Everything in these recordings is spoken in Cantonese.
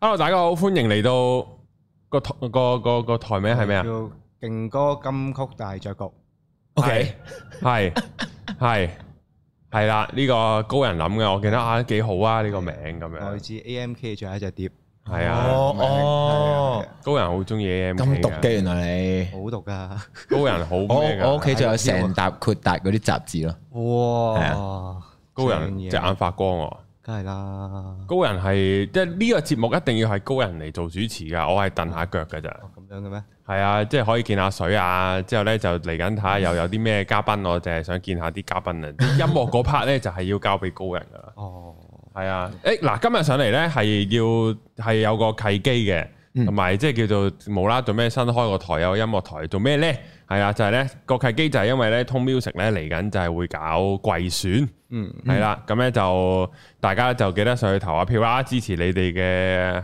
hello，大家好，歡迎嚟到個個個個台名係咩啊？叫勁歌金曲大雀局。OK，係係係啦，呢個高人諗嘅，我記得啊，幾好啊呢個名咁樣。來自 AMK 仲有一隻碟，係啊。哦高人好中意，AMK 咁毒嘅原來你，好毒噶。高人好，我我屋企仲有成沓闊達嗰啲雜誌咯。哇，高人隻眼發光哦。係啦，高人係即係呢個節目一定要係高人嚟做主持噶，我係蹬下腳噶咋。哦，咁樣嘅咩？係啊，即係可以見下水啊，之後咧就嚟緊睇下看看又有啲咩嘉賓， 我淨係想見下啲嘉賓啊。音樂嗰 part 咧就係要交俾高人噶啦。哦，係啊，誒嗱，今日上嚟咧係要係有個契機嘅，同埋即係叫做冇啦做咩新開個台有音樂台做咩咧？係啊，就係、是、咧，國、那、際、個、契機，因為咧，Tone Music 咧嚟緊就係會搞季選嗯，嗯，係啦，咁咧就大家就記得上去投下票啦，支持你哋嘅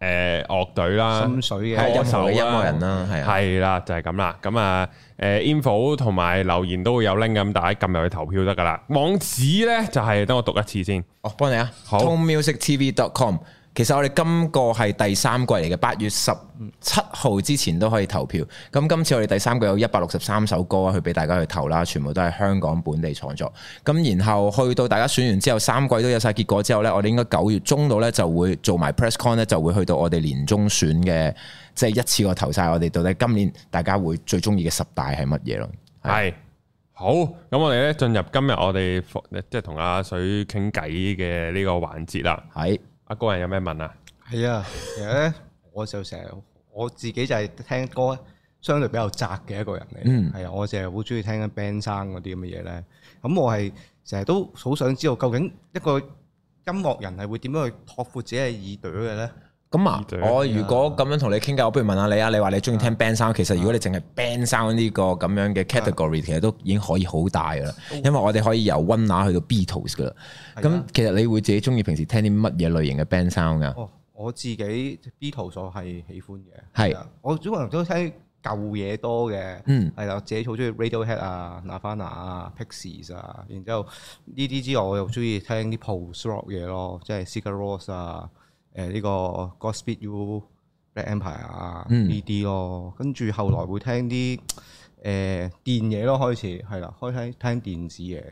誒樂隊啦，心水嘅音樂音樂人啦，係啊，啦，就係咁啦，咁啊誒 info 同埋留言都會有 link 咁，大家撳入去投票得㗎啦，網址咧就係、是、等我讀一次先，哦，幫你啊，好 tone music tv dot com。其實我哋今個係第三季嚟嘅，八月十七號之前都可以投票。咁今次我哋第三季有一百六十三首歌去俾大家去投啦，全部都係香港本地創作。咁然後去到大家選完之後，三季都有晒結果之後呢，我哋應該九月中到呢就會做埋 press con 呢就會去到我哋年終選嘅，即係一次過投晒我哋到底今年大家會最中意嘅十大係乜嘢咯。係好，咁我哋咧進入今日我哋即係同阿水傾偈嘅呢個環節啦。係。阿個人有咩問啊？係啊，其實咧，我就成日我自己就係聽歌，相對比較窄嘅一個人嚟。嗯，係啊，我成日好中意聽 band 生嗰啲咁嘅嘢咧。咁我係成日都好想知道，究竟一個音樂人係會點樣去拓闊自己嘅耳朵嘅咧？咁啊！我如果咁樣同你傾偈，我不如問下你啊！你話你中意聽 band sound，其實如果你淨係 band sound 呢個咁樣嘅 category，其實都已經可以好大啦。因為我哋可以由溫拿去到 Beatles 噶啦。咁其實你會自己中意平時聽啲乜嘢類型嘅 band sound 噶？哦，我自己 Beatles 所係喜歡嘅，係是我主要人都聽舊嘢多嘅。嗯，係啦，我自己好中意 Radiohead 啊、Nirvana 啊、Pixies 啊，然之後呢啲之外，我又中意聽啲 post rock 嘢咯，即係 Sigur Rós 啊。誒呢個 Godspeed You Black Empire 啊呢啲咯，跟住後來會聽啲誒電嘢咯，開始係啦，開始聽電子嘢。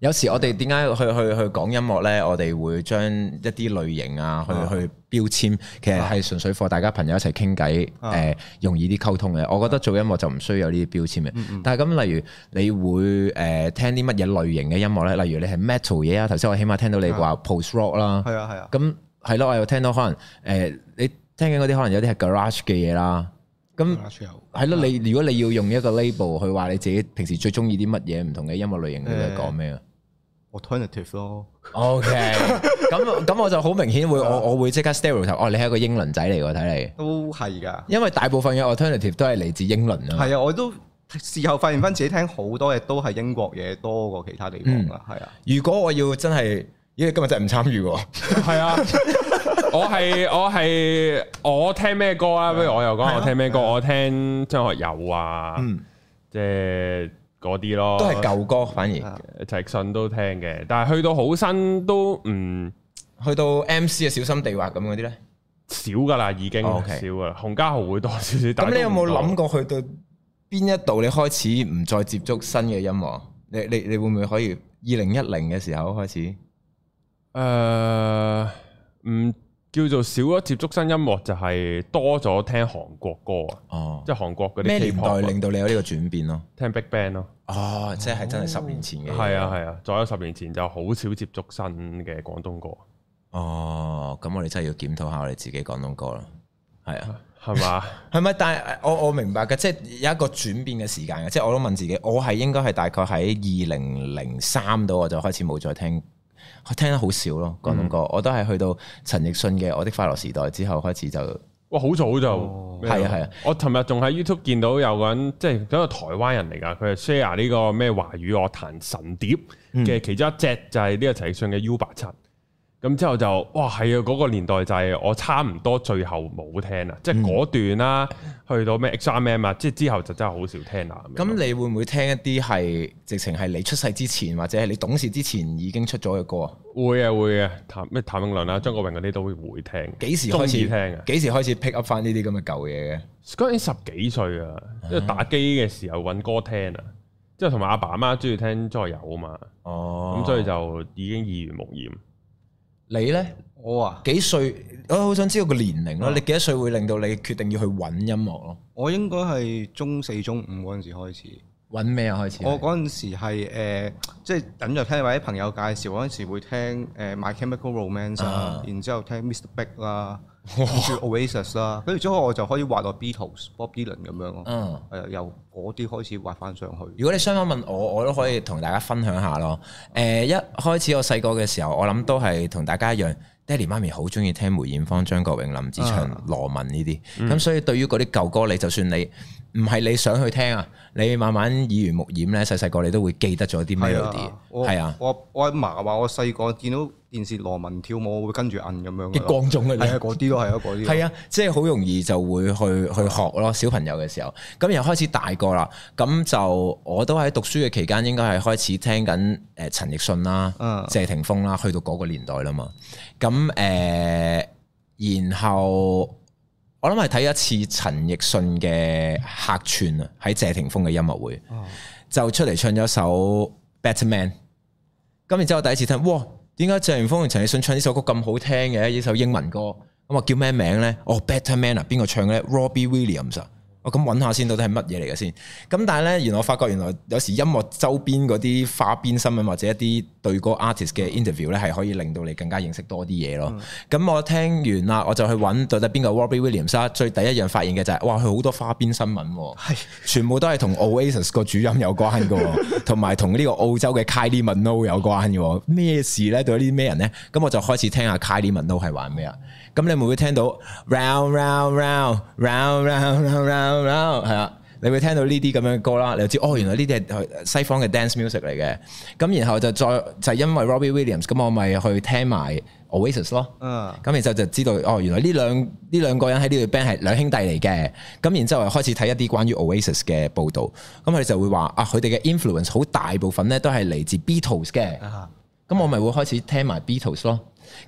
有時我哋點解去去去講音樂咧？我哋會將一啲類型啊，去去標籤，其實係純粹貨，大家朋友一齊傾偈，誒容易啲溝通嘅。我覺得做音樂就唔需要有呢啲標籤嘅。但係咁，例如你會誒聽啲乜嘢類型嘅音樂咧？例如你係 metal 嘢啊，頭先我起碼聽到你話 post rock 啦，係啊係啊，咁。係咯，我又聽到可能誒、呃，你聽緊嗰啲可能有啲係 garage 嘅嘢啦。咁係咯，你如果你要用一個 label 去話你自己平時最中意啲乜嘢唔同嘅音樂類型，你係講咩啊？Alternative 咯 Okay。 O K，咁咁我就好明顯會， 我我會即刻 stereo 佢，哦，你係一個英倫仔嚟㗎，睇嚟。都係㗎，因為大部分嘅 alternative 都係嚟自英倫啊。係啊，我都事後發現翻自己聽好多嘢都係英國嘢多過其他地方㗎。係啊、嗯，如果我要真係。因為今日真係唔參與喎，係 啊！我係我係我聽咩歌啊？不如我又講我聽咩歌？啊啊、我聽張學友啊，即係嗰啲咯，都係舊歌。反而陳奕迅都聽嘅，但係去到好新都唔、嗯、去到 MC 啊，小心地滑咁嗰啲咧，少噶啦，已經少啦。Okay. 洪家豪會多少少。咁你有冇諗過去到邊一度你開始唔再接觸新嘅音樂？你你你，你會唔會可以二零一零嘅時候開始？誒，唔，uh, 叫做少咗接觸新音樂，就係多咗聽韓國歌啊！哦，即係韓國嗰啲咩年代令到你有呢個轉變咯？聽 BigBang 咯，哦，即係真係十年前嘅。係啊係啊，再有十年前就好少接觸新嘅廣東歌，哦，咁我哋真係要檢討下我哋自己廣東歌啦，係啊，係嘛，係咪？ 但係我我明白嘅，即係有一個轉變嘅時間嘅，即係我都問自己，我係應該係大概喺二零零三度我就開始冇再聽。我聽得好少咯，廣東歌，嗯、我都係去到陳奕迅嘅《我的快樂時代》之後開始就，哇，好早就，係啊係啊，啊我尋日仲喺 YouTube 見到有個人，即係嗰個台灣人嚟㗎，佢係 share 呢個咩華語樂壇神碟嘅其中一隻，嗯、就係呢個陳奕迅嘅《U 八七》。咁之後就哇係啊！嗰、那個年代就係我差唔多最後冇聽、嗯、啊、啊。即係嗰段啦，去到咩 x m 咩嘛，即係之後就真係好少聽啦。咁、嗯、你會唔會聽一啲係直情係你出世之前或者係你懂事之前已經出咗嘅歌啊？會啊會啊，譚咩譚詠麟啊、張國榮嗰啲都會會聽。幾時開始聽啊？幾時開始 pick up 翻呢啲咁嘅舊嘢嘅？嗰陣十幾歲啊，因為打機嘅時候揾歌聽啊，之後同埋阿爸阿媽中意聽張學友啊嘛，哦，咁所以就已經耳濡目染。你咧？我啊，幾歲？我好想知道個年齡咯。啊、你幾多歲會令到你決定要去揾音樂咯？我應該係中四、中五嗰陣時開始。揾咩啊？開始？開始我嗰陣時係即係等咗聽或者朋友介紹。我嗰陣時會聽 My Chemical Romance，啊，然之後聽 Mr. Big，啊，Mr. Big 啦。Oasis 啦，跟住之哇後，後我就可以畫個 Beatles、Bob Dylan 咁樣咯。嗯，誒由嗰啲開始畫翻上去。如果你相反問我，我都可以同大家分享下咯。誒、嗯呃、一開始我細個嘅時候，我諗都係同大家一樣，爹哋媽咪好中意聽梅艷芳、張國榮、林子祥、嗯、羅文呢啲。咁所以對於嗰啲舊歌，你就算你。唔係你想去聽啊？你慢慢耳濡目染咧，細細個你都會記得咗啲咩嘢啲？係啊，我啊我阿嫲話我細個見到電視羅文跳舞，會跟住摁咁樣啲光眾嘅，係嗰啲都係啊，嗰啲係啊，即係好容易就會去 去學咯。小朋友嘅時候，咁又開始大個啦。咁就我都喺讀書嘅期間，應該係開始聽緊誒陳奕迅啦、嗯、謝霆鋒啦，去到嗰個年代啦嘛。咁誒、呃，然後。我諗係睇一次陳奕迅嘅客串啊，喺謝霆鋒嘅音樂會，哦、就出嚟唱咗一首 Better Man。咁然之後我第一次聽，哇！點解謝霆鋒同陳奕迅唱呢首歌咁好聽嘅？呢首英文歌，咁、嗯、啊叫咩名呢？哦，Better Man 啊，邊個唱咧？Robbie Williams 啊。我咁揾下先，到底係乜嘢嚟嘅先？咁但係呢，原來我發覺，原來有時音樂周邊嗰啲花邊新聞或者一啲對歌 artist 嘅 interview 呢係可以令到你更加認識多啲嘢咯。咁、嗯嗯、我聽完啦，我就去揾到底邊個 Robbie Williams 最第一樣發現嘅就係、是，哇，佢好多花邊新聞，係是全部都係同 Oasis 個主音有關噶，同埋同呢個澳洲嘅 Kylie Minogue 有關嘅。咩事呢？到啲咩人呢？咁我就開始聽下 Kylie Minogue 係玩咩啊？咁你會唔會聽到 row row row row row row row 係啊？你會聽到呢啲咁樣嘅歌啦，你就知哦，原來呢啲係西方嘅 dance music 嚟嘅。咁然後就再就係因為 Robbie Williams，咁我咪去聽埋 Oasis 咯。嗯。咁然之後就知道哦，原來呢兩呢兩個人喺呢度 band 係兩兄弟嚟嘅。咁然之後開始睇一啲關於 Oasis 嘅報導。咁佢就會話啊，佢哋嘅 influence 好大部分咧都係嚟自 Beatles 嘅。咁、uh huh. 我咪會開始聽埋 Beatles 咯。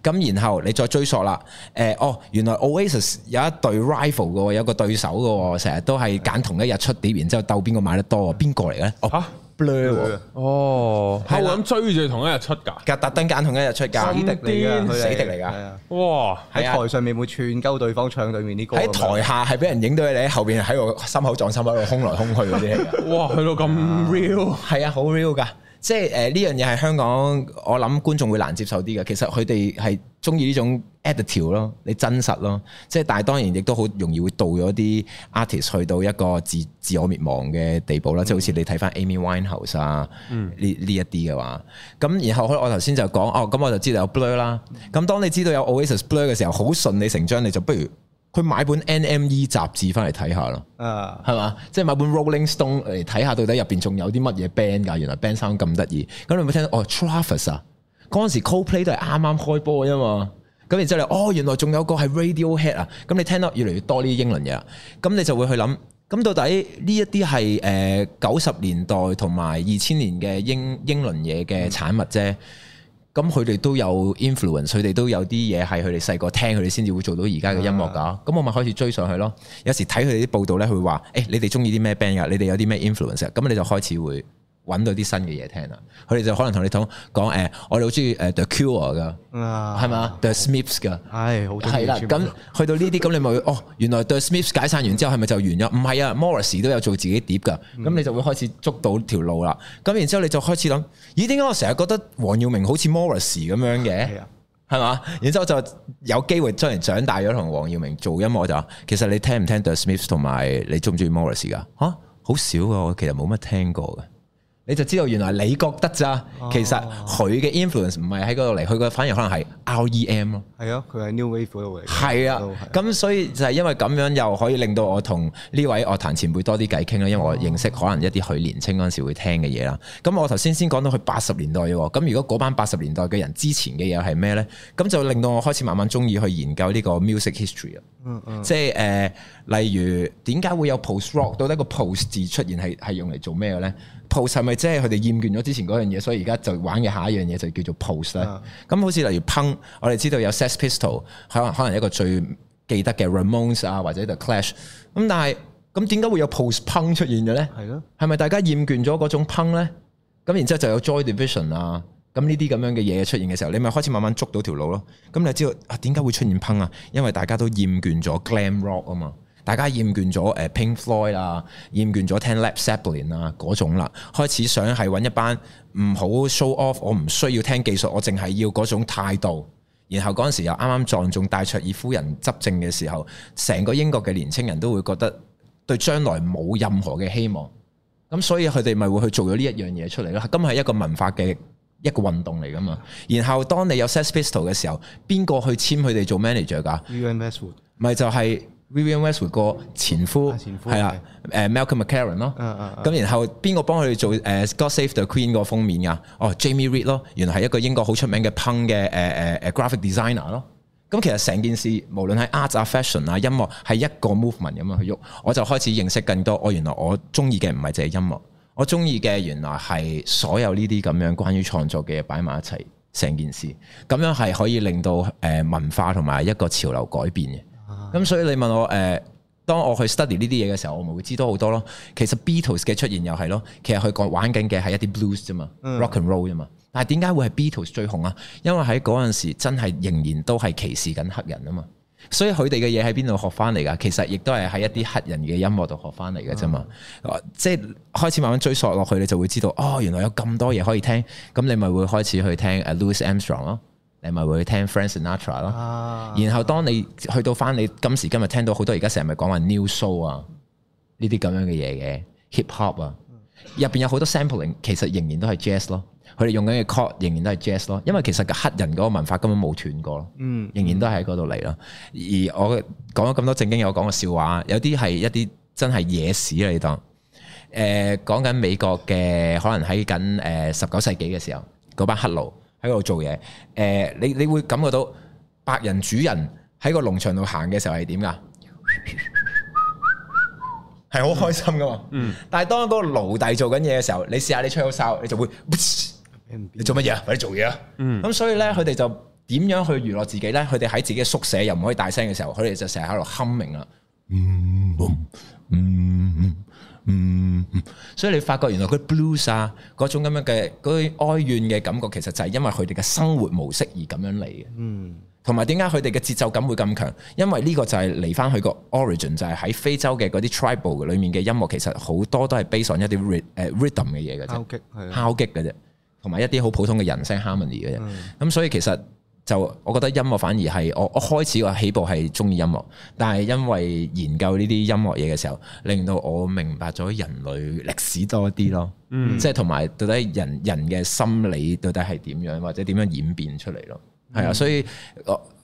咁然後你再追索啦，誒哦，原來 Oasis 有一對 rival 嘅喎，有個對手嘅喎，成日都係揀同一日出碟，然之後鬥邊個買得多啊？邊個嚟嘅咧？哦，係 Blur、哦、我咁追住同一日出㗎，特登揀同一日出㗎，死敵嚟㗎，死敵嚟㗎，哇！喺台上面會串鳩對方唱對面啲歌，喺台下係俾人影到你喺後邊喺個心口撞心口，空來空去嗰啲戲， 哇，去到咁 real，係 啊，好 real 㗎。即係誒呢樣嘢係香港，我諗觀眾會難接受啲嘅。其實佢哋係中意呢種 attitude 咯，你真實咯。即係但係當然亦都好容易會導咗啲 artist 去到一個自自我滅亡嘅地步啦。嗯、即係好似你睇翻 Amy Winehouse 啊，呢呢一啲嘅話。咁然後我頭先就講，哦咁我就知道有 Blur 啦。咁當你知道有 Oasis Blur 嘅時候，好順理成章，你就不如。去買本 NME 雜誌翻嚟睇下咯，啊，係嘛？即係買本 Rolling Stone 嚟睇下，到底入邊仲有啲乜嘢 band 㗎？原來 band 生咁得意，咁你會聽到哦，Travis 啊，嗰陣時 Coldplay 都係啱啱開波啫嘛。咁然之後你，哦，原來仲有個係 Radiohead 啊。咁你聽到越嚟越多呢啲英倫嘢啦，咁你就會去諗，咁到底呢一啲係誒九十年代同埋二千年嘅英英倫嘢嘅產物啫。咁佢哋都有 influence，佢哋都有啲嘢係佢哋細個聽，佢哋先至會做到而家嘅音樂噶。咁、啊、我咪開始追上去咯。有時睇佢哋啲報道咧，佢會話：誒、欸，你哋中意啲咩 band 啊？你哋有啲咩 influence 啊？咁你就開始會。揾到啲新嘅嘢聽啦，佢哋就可能同你講講誒，我哋好中意誒 The Cure 噶，係嘛、啊、The Smiths 噶，係好係啦。咁去到呢啲咁，你咪哦，原來 The Smiths 解散完之後係咪就完咗？唔係 啊，Morris 都有做自己碟噶。咁、嗯、你就會開始捉到條路啦。咁然之後你就開始諗咦？點解我成日覺得黃耀明好似 Morris 咁樣嘅？係啊、哎呀，係嘛？然之後就有機會將嚟長大咗同黃耀明做音樂就，其實你聽唔聽 The Smiths 同埋你中唔中意 Morris 噶？嚇、啊，好少噶，我其實冇乜聽過嘅。你就知道原來你覺得咋，其實佢嘅 influence 唔係喺嗰度嚟，佢反而可能係 REM 咯。係的啊，佢係 new wave 嗰度嚟。係啊，咁所以就係因為咁樣又可以令到我同呢位樂壇前輩多啲偈傾啦，因為我認識可能一啲佢年青嗰陣時會聽嘅嘢啦。咁、啊、我頭先先講到佢八十年代喎，咁如果嗰班八十年代嘅人之前嘅嘢係咩呢？咁就令到我開始慢慢中意去研究呢個 music history 啊。嗯嗯、即係、呃、例如點解會有 post rock？到底個 post 字出現係係用嚟做咩嘅呢？post 係咪即係佢哋厭倦咗之前嗰樣嘢，所以而家就玩嘅下一樣嘢就叫做 post 咧、啊？咁好似例如 punk，我哋知道有 sex pistol，可能可能一個最記得嘅 Ramones 啊，或者 the clash。咁但係咁點解會有 post punk 出現嘅咧？係咯的，係咪大家厭倦咗嗰種 punk 咧？咁然之後就有 joy division 啊，咁呢啲咁樣嘅嘢出現嘅時候，你咪開始慢慢捉到條路咯。咁你就知道點解、啊、會出現 punk 啊？因為大家都厭倦咗 glam rock 啊嘛。大家厭倦咗誒 Pink Floyd 啊，厭倦咗聽 Led Zeppelin 啊嗰種啦，開始想係揾一班唔好 show off，我唔需要聽技術，我淨係要嗰種態度。然後嗰陣時又啱啱撞中戴卓爾夫人執政嘅時候，成個英國嘅年輕人都會覺得對將來冇任何嘅希望。咁所以佢哋咪會去做咗呢一樣嘢出嚟咯。咁係一個文化嘅一個運動嚟噶嘛。然後當你有 Sex Pistols 嘅時候，邊個去簽佢哋做 manager 噶 u m b w 咪就係、是。Vivienne Westwood 嗰個前夫，前夫，係啊的，誒、uh, Malcolm McLaren r 咯，咁然後邊個幫佢做誒、uh, God Save The Queen 個封面噶？哦、oh，Jamie Reid 咯，原來係一個英國好出名嘅 punk 嘅誒誒誒 graphic designer 咯。咁、嗯、其實成件事無論係 art 啊、fashion 啊、音樂，係一個 movement 咁樣去喐，我就開始認識更多。我、哦、原來我中意嘅唔係淨係音樂，我中意嘅原來係所有呢啲咁樣關於創作嘅嘢擺埋一齊，成件事咁樣係可以令到誒、呃、文化同埋一個潮流改變嘅。咁所以你問我誒、呃，當我去 study 呢啲嘢嘅時候，我咪會知道好多咯。其實 Beatles 嘅出現又係咯，其實佢個環境嘅係一啲 blues 啫嘛、嗯、rock and roll 啫嘛。但係點解會係 Beatles 最紅啊？因為喺嗰陣時真係仍然都係歧視緊黑人啊嘛。所以佢哋嘅嘢喺邊度學翻嚟㗎？其實亦都係喺一啲黑人嘅音樂度學翻嚟㗎啫嘛。嗯、即係開始慢慢追溯落去，你就會知道哦，原來有咁多嘢可以聽。咁你咪會開始去聽 Louis Armstrong 咯。你咪會聽 Frank Sinatra 咯、啊，然後當你去到翻你今時今日聽到好多而家成日咪講話 neo soul 啊，呢啲咁樣嘅嘢嘅 hip hop 啊，入邊有好多 sampling，其實仍然都係 jazz 咯，佢哋用緊嘅 chord 仍然都係 jazz 咯，因為其實嘅黑人嗰個文化根本冇斷過咯，嗯，仍然都喺嗰度嚟咯。而我講咗咁多正經，有講個笑話，有啲係一啲真係野史啊。你當。誒、呃，講緊美國嘅可能喺緊誒十九世紀嘅時候，嗰班黑奴。喺度做嘢，誒、呃，你你會感覺到白人主人喺個農場度行嘅時候係點噶？係好 開心噶嘛？嗯。但係當嗰個奴隸做緊嘢嘅時候，你試下你吹口哨，你就會，你做乜嘢啊？我哋做嘢啊。嗯。咁所以咧，佢哋就點樣去娛樂自己咧？佢哋喺自己嘅宿舍又唔可以大聲嘅時候，佢哋就成日喺度哼鳴啦。嗯，所以你發覺原來佢 blues 啊嗰種咁樣嘅哀怨嘅感覺，其實就係因為佢哋嘅生活模式而咁樣嚟嘅。嗯，同埋點解佢哋嘅節奏感會咁強？因為呢個就係、是、嚟翻佢個 origin，就係喺非洲嘅嗰啲 tribal 裡面嘅音樂，其實好多都係 based on 一啲 r 誒 rhythm 嘅嘢嘅啫，嗯、敲擊嘅啫，同埋一啲好普通嘅人聲 harmony 嘅啫。咁、嗯、所以其實。就我覺得音樂反而係我我開始個起步係中意音樂，但係因為研究呢啲音樂嘢嘅時候，令到我明白咗人類歷史多啲咯，即係同埋到底人人嘅心理到底係點樣，或者點樣演變出嚟咯，係啊，嗯，所以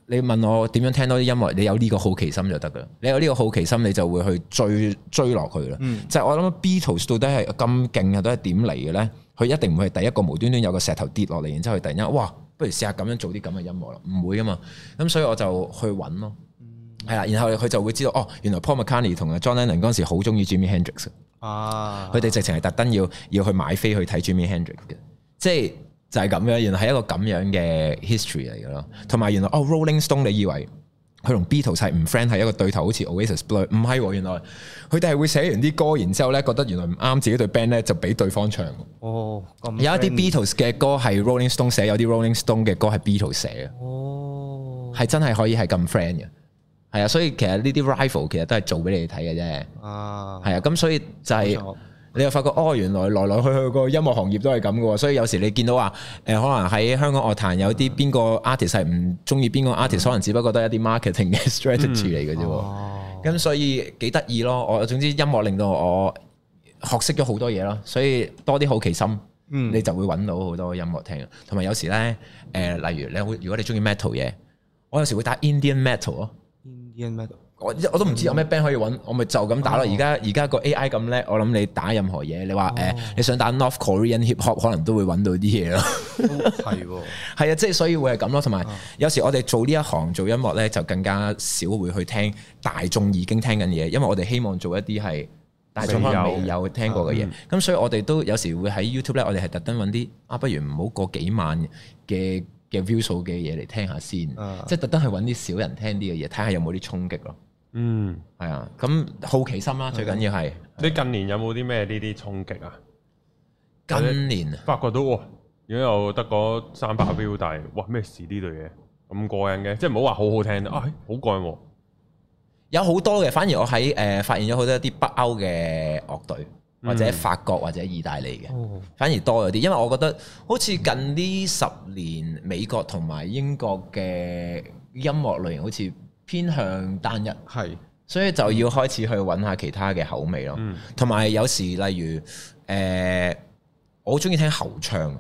你問我點樣聽多啲音樂，你有呢個好奇心就得噶，你有呢個好奇心你就會去追追落去啦，嗯，就係我諗 Beatles 到底係咁勁嘅都係點嚟嘅呢？佢一定唔係第一個無端端有個石頭跌落嚟，然之後佢突然間哇！不如試下咁樣做啲咁嘅音樂咯，唔會啊嘛，咁所以我就去揾咯，係啦、嗯，然後佢就會知道哦，原來 Paul McCartney 同 John Lennon 嗰陣時好中意 Jimi Hendrix 啊，佢哋直情係特登要要去買飛去睇 Jimi Hendrix 嘅，即係就係咁樣，原來係一個咁樣嘅 history 嚟嘅咯，同埋、嗯、原來哦 Rolling Stone，你以為？佢同 Beatles 係唔 friend，係一個對頭，好似 Oasis Blur 唔係喎、哦。原來佢哋係會寫完啲歌，然之後咧，覺得原來唔啱自己對 band 咧，就俾對方唱。哦，有，有一啲 Beatles 嘅歌係 Rolling Stone 寫，有啲 Rolling Stone 嘅歌係 Beatles 寫嘅。哦，係真係可以係咁 friend 嘅，係啊。所以其實呢啲 rival 其實都係做俾你哋睇嘅啫。啊，係啊。咁所以就係、是。你又發覺哦，原來來來去去個音樂行業都係咁嘅喎。所以有時你見到話，誒可能喺香港樂壇有啲邊個 artist 係唔中意邊個 artist，可能只不過得一啲 marketing 嘅 strategy 嚟嘅啫喎，咁、嗯哦嗯、所以幾得意咯。我總之音樂令到我學識咗好多嘢咯，所以多啲好奇心，你就會揾到好多音樂聽。同埋有，有時呢，誒、呃、例如你會，如果你中意 metal 嘢，我有時會打 Indian metal，Indian metal、嗯。嗯嗯嗯我我都唔知有咩 band 可以揾，我咪就咁打咯。而家而家個 AI 咁叻，我諗你打任何嘢，你話誒、哦呃，你想打 North Korean Hip Hop，可能都會揾到啲嘢咯。係喎、哦，係啊， 即係所以會係咁咯。同埋有、啊、有時我哋做呢一行做音樂咧，就更加少會去聽大眾已經聽緊嘢，因為我哋希望做一啲係大眾未有聽過嘅嘢。咁、啊嗯、所以我哋都有時會喺 YouTube 咧，我哋係特登揾啲啊，不如唔好過幾萬嘅嘅 view 數嘅嘢嚟聽下先，即係特登去揾啲少人聽啲嘅嘢，睇下有冇啲衝擊咯。嗯，係啊，咁好奇心啦、啊、最緊要係。嗯啊、你近年有冇啲咩呢啲衝擊啊？近年發覺到，而家又得嗰三百標帶，哇咩事，呢類嘢咁過癮嘅？即係唔好話好好聽，唉好、哎、過癮、啊。有好多嘅，反而我喺誒、呃、發現咗好多一啲北歐嘅樂隊，或者法國或者意大利嘅，嗯哦、反而多咗啲。因為我覺得好似近呢十年，美國同埋英國嘅音樂類型好似。偏向單一，係是，所以就要開始去揾下其他嘅口味咯，同埋、嗯、有，有時例如，誒、呃，我好鍾意聽喉唱。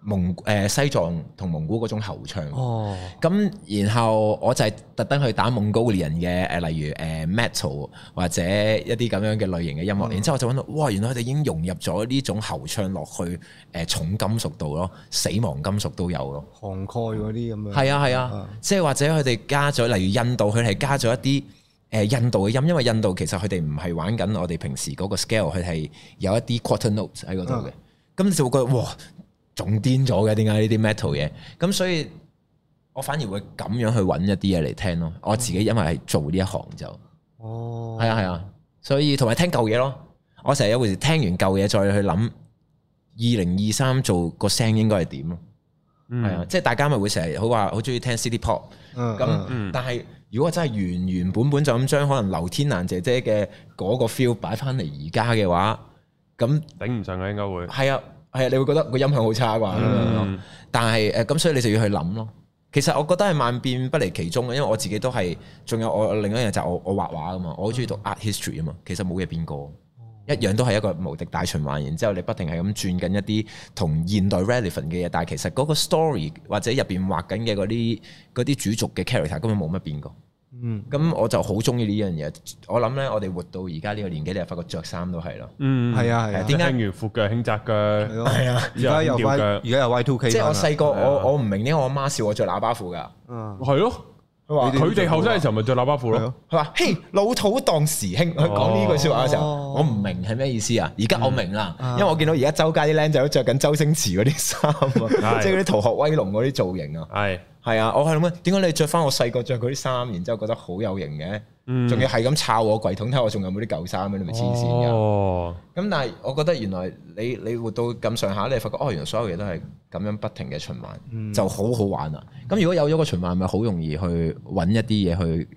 蒙誒西藏同蒙古嗰種喉唱，哦，咁然後我就係特登去打 Mongolian 嘅誒，例如誒 metal 或者一啲咁樣嘅類型嘅音樂，嗯、然之後我就揾到，哇！原來佢哋已經融入咗呢種喉唱落去誒、呃、重金屬度咯，死亡金屬都有咯，龐蓋嗰啲咁樣。係啊係啊，即係、啊啊、或者佢哋加咗，例如印度佢係加咗一啲誒印度嘅音，因為印度其實佢哋唔係玩緊我哋平時嗰個 scale，佢係有一啲 quarter notes 喺嗰度嘅，咁就會覺得哇！仲癲咗嘅，點解呢啲 metal 嘢？咁所以，我反而會咁樣去揾一啲嘢嚟聽咯。嗯、我自己因為係做呢一行就，哦，係啊係啊，所以同埋聽舊嘢咯。我成日有回時聽完舊嘢再去諗，二零二三做個聲應該係點咯？係、嗯、啊，即、就、係、是、大家咪會成日好話好中意聽 city pop，咁但係如果真係原原本本就咁將可能劉天蘭姐姐嘅嗰個 feel 擺翻嚟而家嘅話，咁頂唔順嘅應該會係啊。係你會覺得個音響好差啩，嗯、但係誒咁所以你就要去諗咯。其實我覺得係萬變不離其中嘅，因為我自己都係，仲有我另一樣就係我我畫畫噶嘛，我好中意讀 art history 啊嘛。其實冇嘢變過，一樣都係一個無敵大循環。然之後你不停係咁轉緊一啲同現代 relevant 嘅嘢，但係其實嗰個 story 或者入邊畫緊嘅嗰啲嗰啲主族嘅 character 根本冇乜變過。嗯，咁我就好中意呢樣嘢。我諗咧，我哋活到而家呢個年紀，你又發覺着衫都係咯。嗯，係啊，係啊。點解？穿完闊腳輕窄腳，係啊。而家又歪，而家又 Y2K。即係我細個，我我唔明咧。我阿媽笑我着喇叭褲㗎。嗯，係咯。佢話：佢哋後生嘅時候咪着喇叭褲咯。佢話：嘿，老土當時興。佢講呢句説話嘅時候，我唔明係咩意思啊。而家我明啦，因為我見到而家周街啲靚仔都着緊周星馳嗰啲衫啊，即係嗰啲逃學威龍嗰啲造型啊。係。係啊，我係諗緊，點解你着翻我細個着嗰啲衫，然之後覺得好有型嘅？仲要係咁抄我櫃桶睇下我仲有冇啲舊衫咧，你咪黐線㗎。咁、哦、但係我覺得原來你你活到咁上下，你發覺哦，原來所有嘢都係咁樣不停嘅循環，嗯、就好好玩啊！咁如果有咗個循環，咪好容易去揾一啲嘢去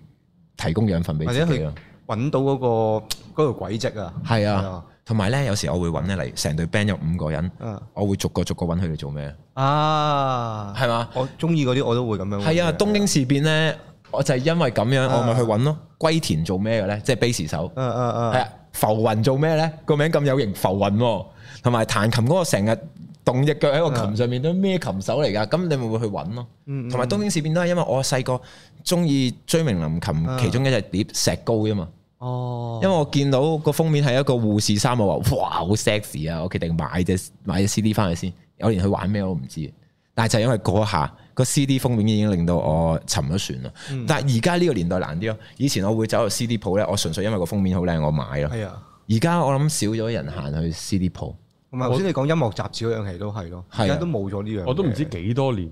提供養分俾自己去、嗰個嗰個、啊，揾到嗰個嗰個軌跡啊，係啊。同埋咧，有時我會揾咧嚟，成隊 band 有五個人，啊、我會逐個逐個揾佢哋做咩啊？係嘛吧？我中意嗰啲我都會咁樣。係啊，東京事變咧、啊，我就係因為咁樣，我咪去揾咯。龜田做咩嘅咧？即係 bass 手。係啊，啊，啊，啊，浮雲做咩咧？個名咁有型，浮雲喎、哦。同埋彈琴嗰個成日動隻腳喺個琴上面，都咩、啊、琴手嚟㗎？咁你咪會，會去揾咯。同埋、嗯嗯、東京事變都係因為我細個中意椎名林檎其中一隻碟，碟，石膏啫嘛。哦，因為我見到個封面係一個護士衫，我話哇好 sexy 啊，我決定買隻買隻 CD 翻去先。我連去玩咩，我都唔知，但係就係因為嗰下個 CD 封面已經令到我沉咗船啦。嗯、但係而家呢個年代難啲咯，以前我會走入 CD 鋪咧，我純粹因為個封面好靚，我買咯。係啊，而家我諗少咗人行去 CD 鋪。同埋頭先你講音樂雜誌嗰樣嘢都係咯，而家都冇咗呢樣。啊、我都唔知幾多年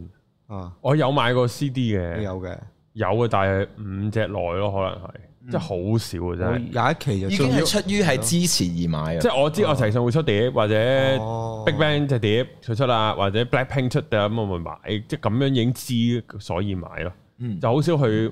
啊，我有買過 CD 嘅，啊、有嘅，有嘅，但係五只耐咯，可能係。真係好少啊！真係有一期就已經出於係支持而買啊！嗯、即係我知我陳奕迅會出碟，啊、或者 BigBang 隻碟出出啦，啊、或者 Blackpink 出嘅咁我咪買，即係咁樣已經知所以買咯。嗯、就好少去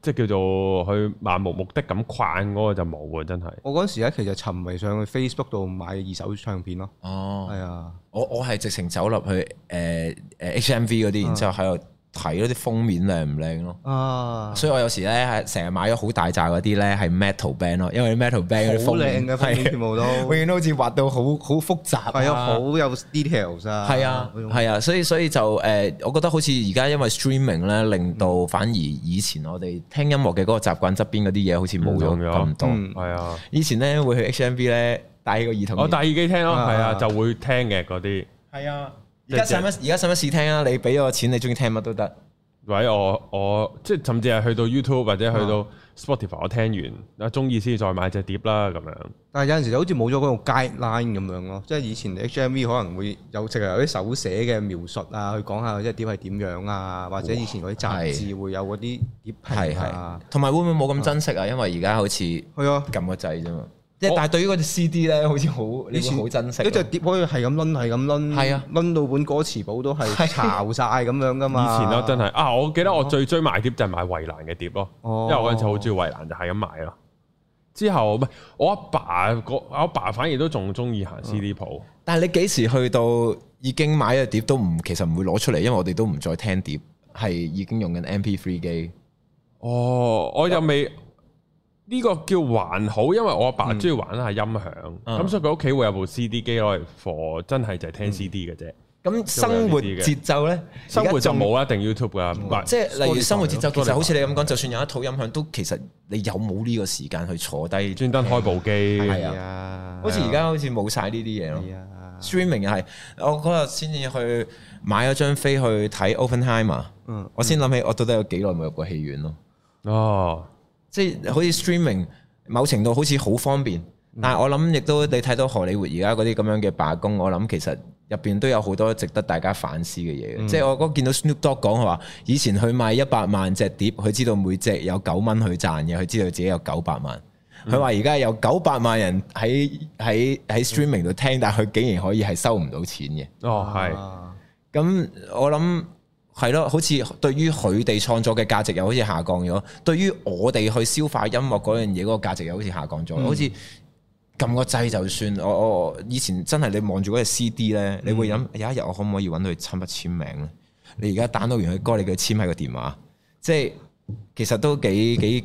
即係叫做去漫無目的咁逛嗰個就冇啊！真係。我嗰時有一期就沉迷上去 Facebook 度買二手唱片咯。哦，係啊，哎、呀我我係直情走入去誒誒 HMV 嗰啲然之後。睇咯，啲封面靚唔靚咯，啊！所以我有時咧係成日買咗好大扎嗰啲咧係 metal band 咯，因為 metal band 嘅封面係全部都，永遠都好似畫到好好複雜，係啊，好有 details 啊，係啊，係啊，所以所以就誒，我覺得好似而家因為 streaming 咧，令到反而以前我哋聽音樂嘅嗰個習慣側邊嗰啲嘢，好似冇咗咁多，係啊，以前咧會去 HMV 咧帶個耳筒，我戴耳機聽咯，係啊，就會聽嘅嗰啲，係啊。而家使乜，而家使乜試聽啊，你俾我錢，你中意聽乜都得。或者我我即係甚至係去到 YouTube 或者去到 Spotify，我聽完啊中意先再買隻碟啦咁樣。但係有陣時就好似冇咗嗰個 guideline 咁樣咯，即係以前 HMV 可能會有成日有啲手寫嘅描述啊，去講下即係碟係點樣啊，哇或者以前嗰啲雜誌是會有嗰啲碟評啊。同埋會唔會冇咁珍惜啊？啊因為、啊、按按而家好似去啊個掣啫嘛。即係，但係對於嗰隻 CD 咧，好似好你話好珍惜，一隻碟可以係咁撚，係咁撚，係啊，撚到本歌詞簿都係炒晒咁樣噶嘛。 以前咯，真係啊，我記得我最追買碟就係買衛蘭嘅碟咯，哦、因為我嗰陣時好中意衛蘭，就係、是、咁買咯。之後我阿爸，爸我阿爸，爸反而都仲中意行 CD 鋪、嗯。但係你幾時去到已經買嘅碟都唔，其實唔會攞出嚟，因為我哋都唔再聽碟，係已經用緊 MP3 機。哦，我又未。呢個叫還好，因為我阿爸鍾意玩下音響，咁所以佢屋企會有部 CD 機攞嚟放，真係就係聽 CD 嘅啫。咁生活節奏咧，生活就冇一定 YouTube 㗎，即係例如生活節奏其實好似你咁講，就算有一套音響，都其實你有冇呢個時間去坐低專登開部機？係啊，好似而家好似冇晒呢啲嘢咯。Streaming 又係，我嗰日先至去買咗張飛去睇 Oppenheimer 啊！我先諗起我到底有幾耐冇入過戲院咯。哦。即係好似 streaming，某程度好似好方便，但係我諗亦都你睇到荷里活而家嗰啲咁樣嘅罷工，我諗其實入邊都有好多值得大家反思嘅嘢。嗯、即係我嗰見到 Snoop Dogg 講佢話，以前佢賣一百萬隻碟，佢知道每隻有九蚊去賺嘅，佢知道自己有九百萬。佢話而家有九百萬人喺喺喺 streaming 度聽，但係佢竟然可以係收唔到錢嘅。哦，係。咁、啊、我諗。係咯，好似對於佢哋創作嘅價值又好似下降咗；對於我哋去消化音樂嗰樣嘢嗰個價值又好似下降咗。嗯、好似撳個掣就算，我、哦、我以前真係你望住嗰隻 CD 咧，你會諗有一日我可唔可以揾佢親筆簽名咧？嗯、你而家打到完佢歌，你嘅簽喺個電話，即係其實都幾幾，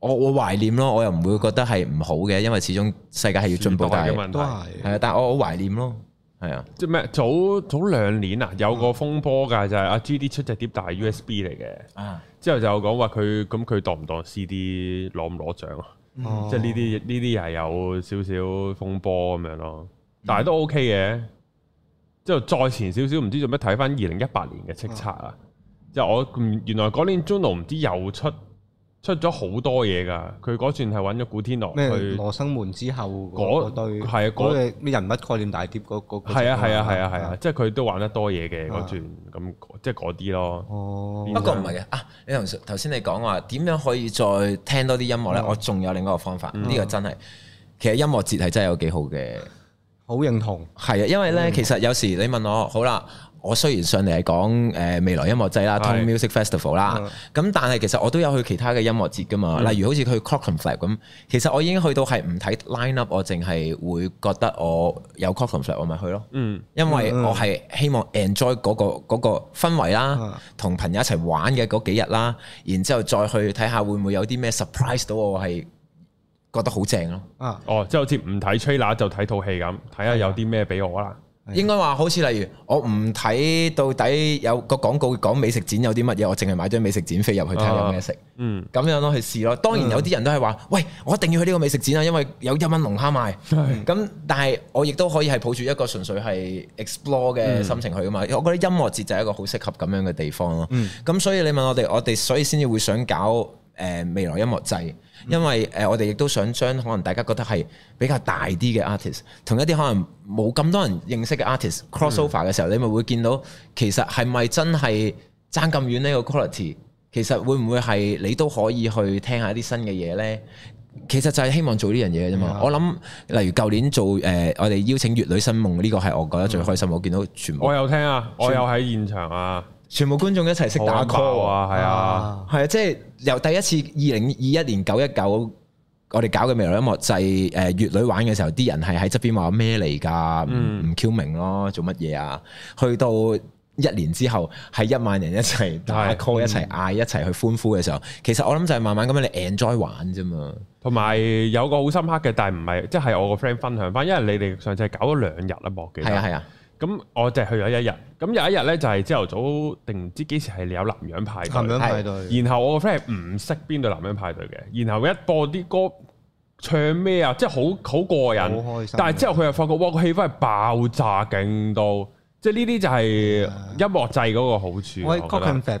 我我懷念咯，我又唔會覺得係唔好嘅，因為始終世界係要進步嘅，都係啊，但我好懷念咯。係啊，即咩？早早兩年啊，有個風波㗎，啊、就係阿 G D 出隻碟但係 USB 嚟嘅，是是啊、之後就講話佢咁佢當唔當 C D 攞唔攞獎啊？哦、即呢啲呢啲係有少少風波咁樣咯，但係都 OK 嘅。嗯、之後再前少少，唔知做咩睇翻二零一八年嘅叱咤啊？啊即我原來嗰年 Juno 唔知又出。出咗好多嘢㗎，佢嗰段係揾咗古天樂去羅生門之後嗰堆，啊人物概念大碟嗰個。係啊，係啊，係啊，係啊，即係佢都玩得多嘢嘅嗰段咁，即係嗰啲咯。不過唔係嘅啊，你頭先你講話點樣可以再聽多啲音樂咧？我仲有另外一個方法，呢個真係其實音樂節係真係有幾好嘅，好認同。係啊，因為咧其實有時你問我，好啦。我雖然上嚟係講誒未來音樂祭啦，TONE Music Festival 啦的，咁但係其實我都有去其他嘅音樂節噶嘛，的例如好似去 Clockenflap 咁，其實我已經去到係唔睇 line up，我淨係會覺得我有 Clockenflap 我咪去咯，嗯，因為我係希望 enjoy 嗰、那個那個氛圍啦，同、嗯、朋友一齊玩嘅嗰幾日啦，然之後再去睇下會唔會有啲咩 surprise 到我係覺得好正咯，啊、嗯，哦，即係好似唔睇 trailer 就睇套戲咁，睇下有啲咩俾我啦。應該話好似例如，我唔睇，到底有個廣告講美食展有啲乜嘢，我淨係買張美食展飛入去睇下有咩食，咁、啊嗯、樣咯去試咯。當然有啲人都係話，喂，我一定要去呢個美食展啦、啊，因為有一蚊龍蝦賣。咁、嗯、但係我亦都可以係抱住一個純粹係 explore 嘅心情去㗎嘛。嗯、我覺得音樂節就係一個好適合咁樣嘅地方咯。咁、嗯、所以你問我哋，我哋所以先至會想搞誒未來音樂祭。因為誒，我哋亦都想將可能大家覺得係比較大啲嘅 artist，同一啲可能冇咁多人認識嘅 artist，crossover 嘅時候，你咪會見到其實係咪真係差咁遠呢個 quality？其實會唔會係你都可以去聽下一啲新嘅嘢呢？其實就係希望做呢樣嘢啫嘛。我諗例如舊年做誒，我哋邀請月女新夢呢、這個係我覺得最開心，我見到全部我有聽啊，部我有喺現場啊。全部觀眾一齊識打 call、oh, yeah, call 啊，係啊，係啊，即係由第一次二零二一年九一九，我哋搞嘅未來音樂祭，誒、呃、粵女玩嘅時候，啲人係喺側邊話咩嚟㗎？唔 q、嗯、明咯，做乜嘢啊？去到一年之後，係一萬人一齊打 call，嗯、一齊嗌，一齊去歡呼嘅時候，其實我諗就係慢慢咁樣你 enjoy 玩啫嘛。同埋有個好深刻嘅，但係唔係即係我個 friend 分享翻，因為你哋上次係搞咗兩日啦，莫記。係啊係啊。咁我就係去咗一日，咁有一日咧就係朝頭早定唔知幾時係有南洋派對，派對然後我個 friend 唔識邊對南洋派對嘅，然後一播啲歌唱咩啊，即係好好過癮，但係之後佢又發覺：「哇個氣氛係爆炸勁到！」即係呢啲就係音樂祭嗰個好處。的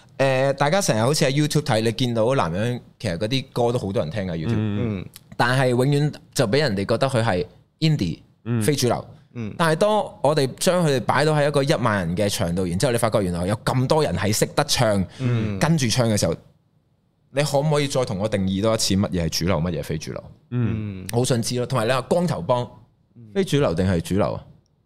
誒，大家成日好似喺 YouTube 睇，你見到男人其實嗰啲歌都好多人聽噶，YouTube，、嗯、但係永遠就俾人哋覺得佢係 Indie 非主流。嗯、但係當我哋將佢哋擺到喺一個一萬人嘅場度，然之後你發覺原來有咁多人係識得唱，嗯、跟住唱嘅時候，你可唔可以再同我定義多一次乜嘢係主流，乜嘢非主流？嗯，好想知咯。同埋你話光頭幫，非主流定係主流？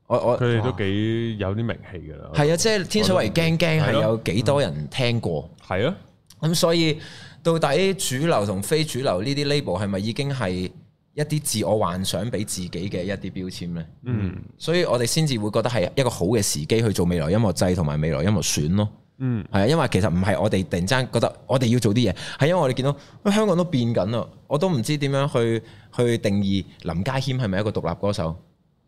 我我佢哋都幾有啲名氣噶啦，係啊，即係天水圍驚驚係有幾多人聽過。係、嗯、啊，咁、嗯、所以到底主流同非主流呢啲 label 係咪已經係一啲自我幻想俾自己嘅一啲標籤呢？嗯，嗯，所以我哋先至會覺得係一個好嘅時機去做未來音樂祭同埋未來音樂選咯。嗯，係啊，因為其實唔係我哋突然間覺得我哋要做啲嘢，係因為我哋見到、哎、香港都變緊啦，我都唔知點樣去去定義林家謙係咪一個獨立歌手。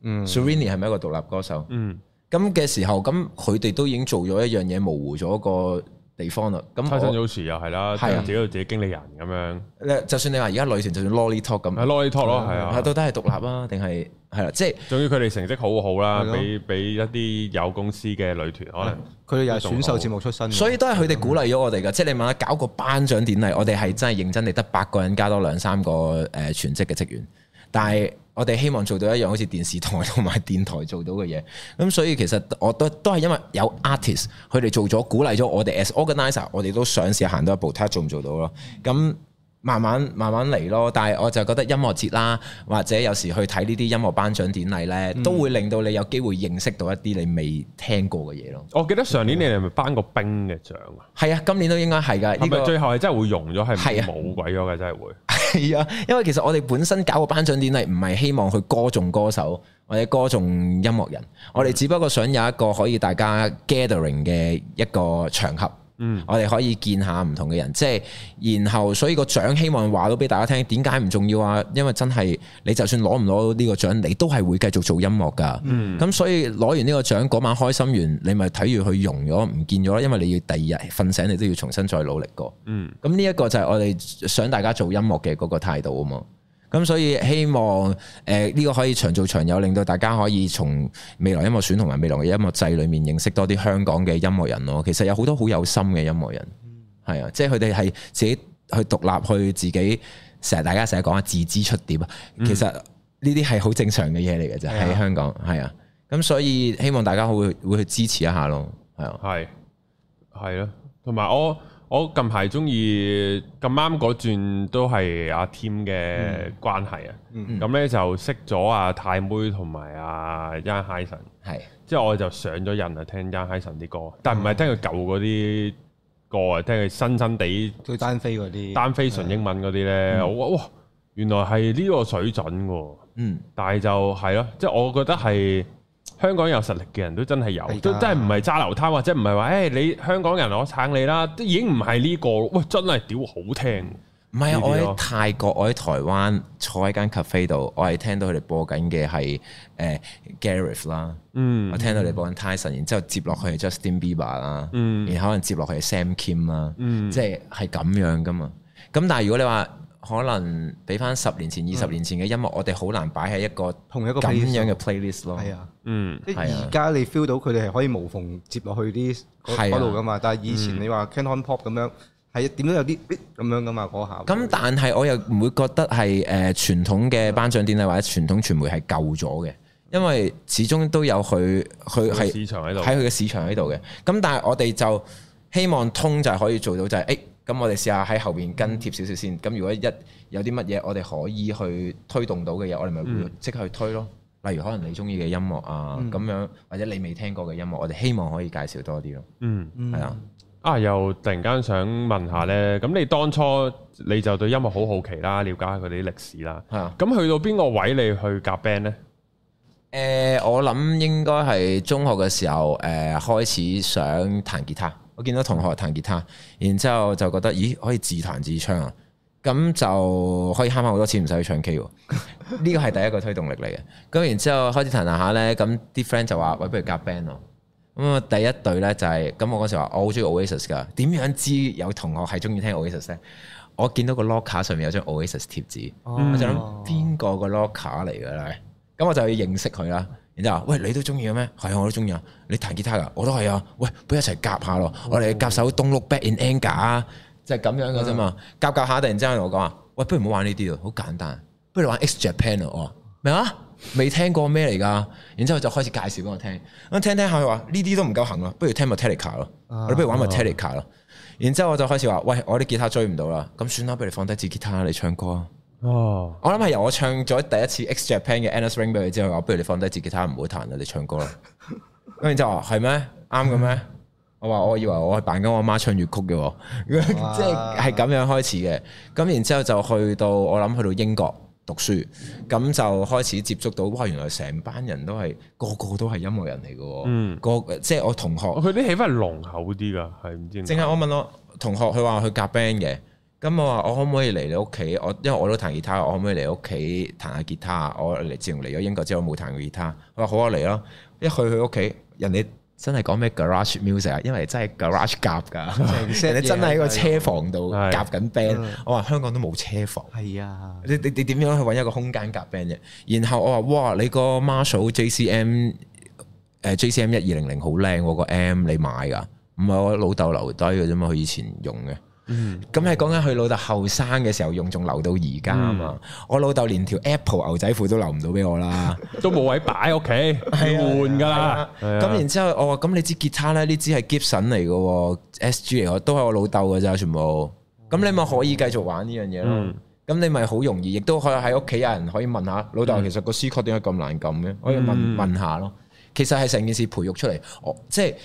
嗯，Serrini 係咪一個獨立歌手？嗯，咁嘅時候，咁佢哋都已經做咗一樣嘢，模糊咗個地方啦。咁，出身早時又係啦，係啊，自己做自己經理人咁樣、啊就。就算你話而家女團就算 Lolly Talk 咁，Lolly Talk 咯，係啊，Talk, 啊到底係獨立啊定係係啊，即、就、係、是。仲要佢哋成績好好啦、啊，比比一啲有公司嘅女團可能、啊，佢又係選秀節目出身，啊、所以都係佢哋鼓勵咗我哋㗎。即係、啊嗯、你問，搞個頒獎典禮，我哋係真係認真，你得八個人加多兩三個誒全職嘅職員，但係。我哋希望做到一樣，好似電視台同埋電台做到嘅嘢。咁所以其實我都都係因為有 artist，佢哋做咗鼓勵咗我哋，as organizer，我哋都想試行到一步，睇下做唔做到咯。咁慢慢慢慢嚟咯。但係我就覺得音樂節啦，或者有時去睇呢啲音樂頒獎典禮咧，都會令到你有機會認識到一啲你未聽過嘅嘢咯。我記得上年你哋係咪頒個冰嘅獎啊？係啊，今年都應該係㗎。呢個最後係真係會融咗，係冇的鬼咗嘅，真係會。係啊， 因為其實我哋本身搞個頒獎典禮，唔係希望去歌頌歌手或者歌頌音樂人，我哋只不過想有一個可以大家 gathering 嘅一個場合。嗯， 我哋可以見下唔同嘅人，即係然後，所以個獎希望話到俾大家聽，點解唔重要啊？因為真係你就算攞唔攞到呢個獎，你都係會繼續做音樂噶。嗯，咁 所以攞完呢個獎嗰晚開心完，你咪睇住佢融咗，唔見咗啦。因為你要第二日瞓醒，你都要重新再努力過。嗯，咁呢一個就係我哋想大家做音樂嘅嗰個態度啊嘛。咁所以希望誒呢、呃這個可以長做長有，令到大家可以從未來音樂選同埋未來嘅音樂祭裏面認識多啲香港嘅音樂人咯。其實有好多好有心嘅音樂人，係、嗯、啊，即係佢哋係自己去獨立去自己成日大家成日講啊自資出碟啊，其實呢啲係好正常嘅嘢嚟嘅啫。喺、嗯、香港係是啊，啊，咁所以希望大家會會去支持一下咯。係啊，啊，係係咯，同埋我。我近排中意咁啱嗰轉都係阿 Team 嘅關係啊，咁咧、嗯嗯、就識咗阿太妹同埋阿 Yan Henson，係是，之後我就上咗人啊聽 Yan Henson 啲歌，但唔係聽佢舊嗰啲歌啊，是聽佢新新地佢單飛嗰啲，單飛純英文嗰啲咧，哇哇原來係呢個水準喎，嗯，但係就係、是、咯，即係我覺得係。香港有實力嘅人都真係有，的都真係唔係揸流攤或者唔係話誒你香港人我撐你啦，都已經唔係呢個。喂，真係屌好聽。唔係啊，我喺泰國，我喺台灣坐喺間 cafe 度，我係聽到佢哋播緊嘅係誒 Gareth 啦，呃、areth，嗯，我聽到你播緊 Tyson，然之後接落去就 Justin Bieber 啦、嗯，然後可能接落去 Sam Kim 啦、嗯，即係係咁樣㗎嘛。咁但係如果你話，可能俾翻十年前、二十年前嘅音樂，嗯、我哋好難擺喺一個同一個咁樣嘅 playlist 咯。係啊，嗯，即係而家你 feel 到佢哋係可以無縫接落去啲歌度㗎嘛？但係以前你話 Cantopop 咁樣係點都有啲咁樣㗎嘛？嗰下。咁但係我又唔會覺得係誒、呃、傳統嘅頒獎典禮或者傳統傳媒係舊咗嘅，因為始終都有佢佢係市場喺度，喺佢嘅市場喺度嘅。咁但係我哋就希望通就係可以做到就係、是、欸。欸咁我哋試下喺後邊跟貼少少先。咁如果一有啲乜嘢我哋可以去推動到嘅嘢，我哋咪即刻去推咯。例如可能你中意嘅音樂啊，咁樣，嗯，或者你未聽過嘅音樂，我哋希望可以介紹多啲咯。嗯，係啊。啊，又突然間想問下呢。咁你當初你就對音樂好好奇啦，了解下佢哋啲歷史啦。啊，咁去到邊個位你去夾 band 呢？誒、呃，我諗應該係中學嘅時候誒、呃，開始想彈吉他。我見到同學彈吉他，然之後就覺得，咦，可以自彈自唱啊，咁就可以慳翻好多錢，唔使去唱 K 喎。呢個係第一個推動力嚟嘅。咁然之後開始彈下呢，咁啲 friend 就話，喂，不如夾 band 咯。咁啊，第一隊呢，就係，咁我嗰時話我好中意 Oasis 㗎。點樣知有同學係中意聽 Oasis 呢？我見到個 locker 上面有張 Oasis 貼紙，哦、我就諗邊個個 locker 嚟㗎咧？咁我就去認識佢啦。然之後，喂，你都中意嘅咩？係啊，我都中意啊！你彈吉他噶，我都係啊！喂，不如一齊夾下咯，我哋夾首《Don't Look Back In Anger》啊，就係咁樣嘅啫嘛，夾夾下，突然之間同我講啊：「喂，不如唔好玩呢啲啊，好簡單，不如玩 X Japan 咯，我話：「咩啊？未聽過咩嚟㗎？ 然之後就開始介紹俾我聽，咁聽聽下，佢話呢啲都唔夠行咯，不如聽咪 Metallica 咯，我不如玩咪 Metallica 咯。然之後我就開始話，喂，我啲吉他追唔到啦，咁算啦，不如放低支吉他嚟唱歌啊！哦，我諗係由我唱咗第一次 X Japan 嘅 Endless Rain 俾佢之後，我話不如你放低支結他唔好彈啦，你唱歌啦。咁 然之後話係咩？啱嘅咩？我話我以為我係扮緊我媽唱粵曲嘅，即係係咁樣開始嘅。咁然之後就去到我諗去到英國讀書，咁、嗯、就，就開始接觸到哇，原來成班人都係個個都係音樂人嚟嘅。嗯，個即係我同學，佢啲氣氛濃厚啲噶，係唔知。淨係我問我同學，佢話去夾 band 嘅。咁、嗯、我話我可唔可以嚟你屋企？我因為我都彈吉他，我可唔可以嚟你屋企彈下吉他啊？我嚟自從嚟咗英國之後，我冇彈過吉他。佢話好啊，嚟咯！一去佢屋企，人哋真係講咩 garage music，因為真係 garage 夾噶， 人哋真係喺個車房度夾緊 band、 嗯。嗯嗯、我話香港都冇車房，係啊！你你你點樣去揾一個空間夾 band 啫？然後我話哇，你個 Marshall JCM 誒 JCM 一二零零好靚喎，個 M 你買噶？唔係我老豆留低嘅啫嘛，佢以前用嘅。嗯，咁係講緊佢老豆後生嘅時候用，仲留到而家啊嘛。嗯、我老豆連條 Apple 牛仔褲都留唔到俾我啦， 都冇位擺屋企，係換噶。咁然之後，我話咁你支吉他咧呢支係 Gibson 嚟嘅，SG 嚟嘅，都係我老豆嘅咋，全部。咁、嗯、你咪可以繼續玩呢樣嘢咯。咁、嗯、你咪好容易，亦都可以喺屋企有人可以問下老豆，爸爸其實個 C 調點解咁難撳嘅？可以問問，問下咯。其實係成件事培育出嚟，我、哦、即係。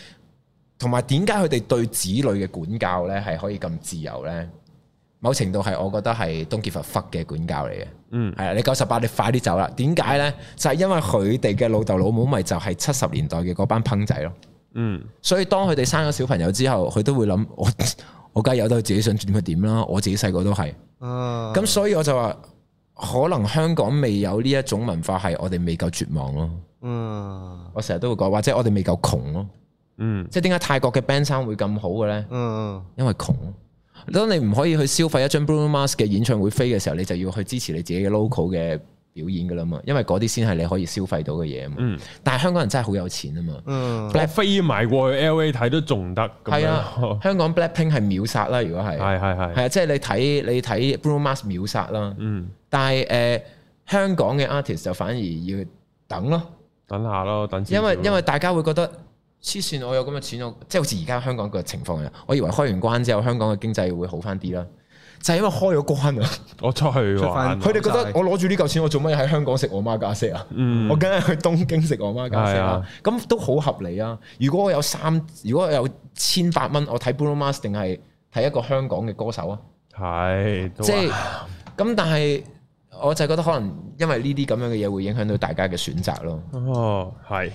同埋，點解佢哋對子女嘅管教呢係可以咁自由呢？某程度係我覺得係東結佛佛嘅管教嚟嘅。嗯，係啊，你九十八，你快啲走啦。點解呢？就係、是、因為佢哋嘅老豆老母咪就係七十年代嘅嗰班烹仔咯。嗯，所以當佢哋生咗小朋友之後，佢都會諗我，我梗係有得自己想點去點啦。我自己細個都係。啊，咁所以我就話，可能香港未有呢一種文化係我哋未夠絕望咯。嗯、啊，我成日都會講，或者我哋未夠窮咯。嗯，即係點解泰國嘅 band 衫咁好嘅咧？嗯，因為窮，當你唔可以去消費一張 Bruno Mars 嘅演唱會飛嘅時候，你就要去支持你自己嘅 local 嘅表演噶啦嘛，因為嗰啲先係你可以消費到嘅嘢啊嘛。嗯，但係香港人真係好有錢啊嘛。嗯，但係 Black, 飛埋過去 L A 睇都仲得。係啊、嗯，嗯、香港 Blackpink 係秒殺啦，如果係，係係係，係啊，即係你睇你睇 Bruno Mars 秒殺啦。嗯，就是、但係誒、呃、香港嘅 artist 就反而要等,、嗯、等咯，等下咯，等，因為因為,因為大家會覺得。黐線！我有咁嘅錢，我即係好似而家香港個情況啊！我以為開完關之後，香港嘅經濟會好翻啲啦，就係、是、因為開咗關啊！我出去佢哋覺得我攞住呢嚿錢，我做乜嘢喺香港食我媽家食啊？嗯、我梗係去東京食我媽家食啦、啊！咁、嗯、都好合理啊！如果我有三，如果我有千百蚊，我睇 Bruno Mars 定係睇一個香港嘅歌手啊？係的，即係咁，但係我就覺得可能因為呢啲咁樣嘅嘢，會影響到大家嘅選擇咯。哦，係。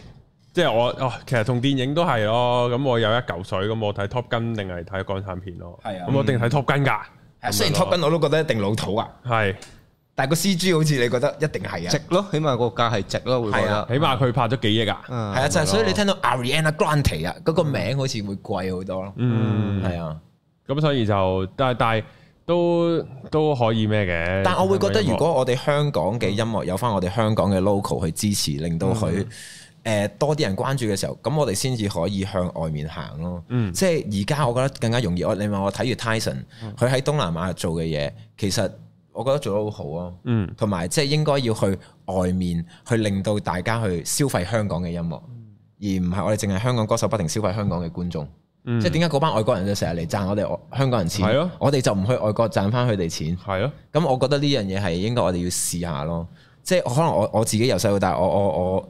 即係我哦，其實同電影都係咯。咁我有一嚿水，咁我睇 Top Gun 定係睇港產片咯。係啊，咁我定睇 Top Gun 噶。雖然 Top Gun 我都覺得一定老土啊。係，但係個 CG 好似你覺得一定係啊，值咯，起碼個價係值咯會。係啊，起碼佢拍咗幾億啊。係啊，就係所以你聽到 Ariana Grande 啊，嗰個名好似會貴好多咯。嗯，係啊。咁所以就，但係但係都都可以咩嘅。但係我會覺得如果我哋香港嘅音樂有翻我哋香港嘅 local 去支持，令到佢。誒多啲人關注嘅時候，咁我哋先至可以向外面行咯。嗯，即係而家我覺得更加容易。我你話我睇住 Tyson，佢喺東南亞做嘅嘢，其實我覺得做得好好啊。嗯，同埋即係應該要去外面去令到大家去消費香港嘅音樂，嗯、而唔係我哋淨係香港歌手不停消費香港嘅觀眾。嗯、即係點解嗰班外國人就成日嚟賺我哋香港人錢？嗯、我哋就唔去外國賺翻佢哋錢。係咯，咁我覺得呢樣嘢係應該我哋要試下咯。即係可能我我自己由細到大，我我我。我我我我我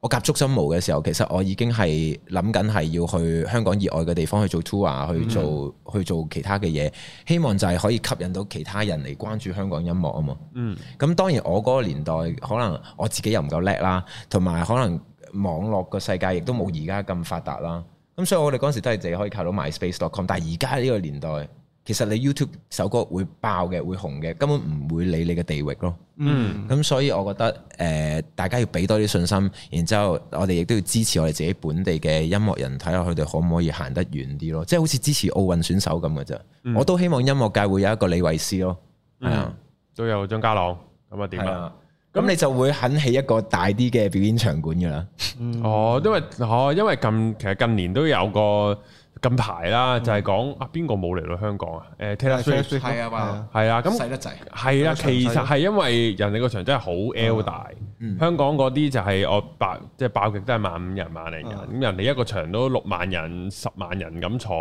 我夾足心毛嘅時候，其實我已經係諗緊係要去香港以外嘅地方去做 tour 去做去做其他嘅嘢，希望就係可以吸引到其他人嚟關注香港音樂啊嘛。嗯。咁當然我嗰個年代可能我自己又唔夠叻啦，同埋可能網絡嘅世界亦都冇而家咁發達啦。咁所以我哋嗰陣時都係自己可以靠到 myspace.com，但係而家呢個年代。其實你 YouTube 首歌會爆嘅，會紅嘅，根本唔會理會你嘅地域咯。嗯，咁所以我覺得，誒、呃，大家要俾多啲信心，然之後我哋亦都要支持我哋自己本地嘅音樂人，睇下佢哋可唔可以行得遠啲咯。即係好似支持奧運選手咁嘅啫。嗯、我都希望音樂界會有一個李慧詩咯。係啊，都有張家朗咁啊，點啊？咁你就會肯起一個大啲嘅表演場館噶啦。嗯、哦，因為，哦，因為近其實近年都有個。近排啦，就係講啊，邊個冇嚟到香港啊？誒，Taylor Swift 係啊嘛，係啊的，咁細得滯，係啊，其實係因為人哋個場真係好 L 大，嗯、香港嗰啲就係我爆即係、就是、爆極都係萬五人、萬零人，咁、嗯、人哋一個場都六萬人、十萬人咁坐，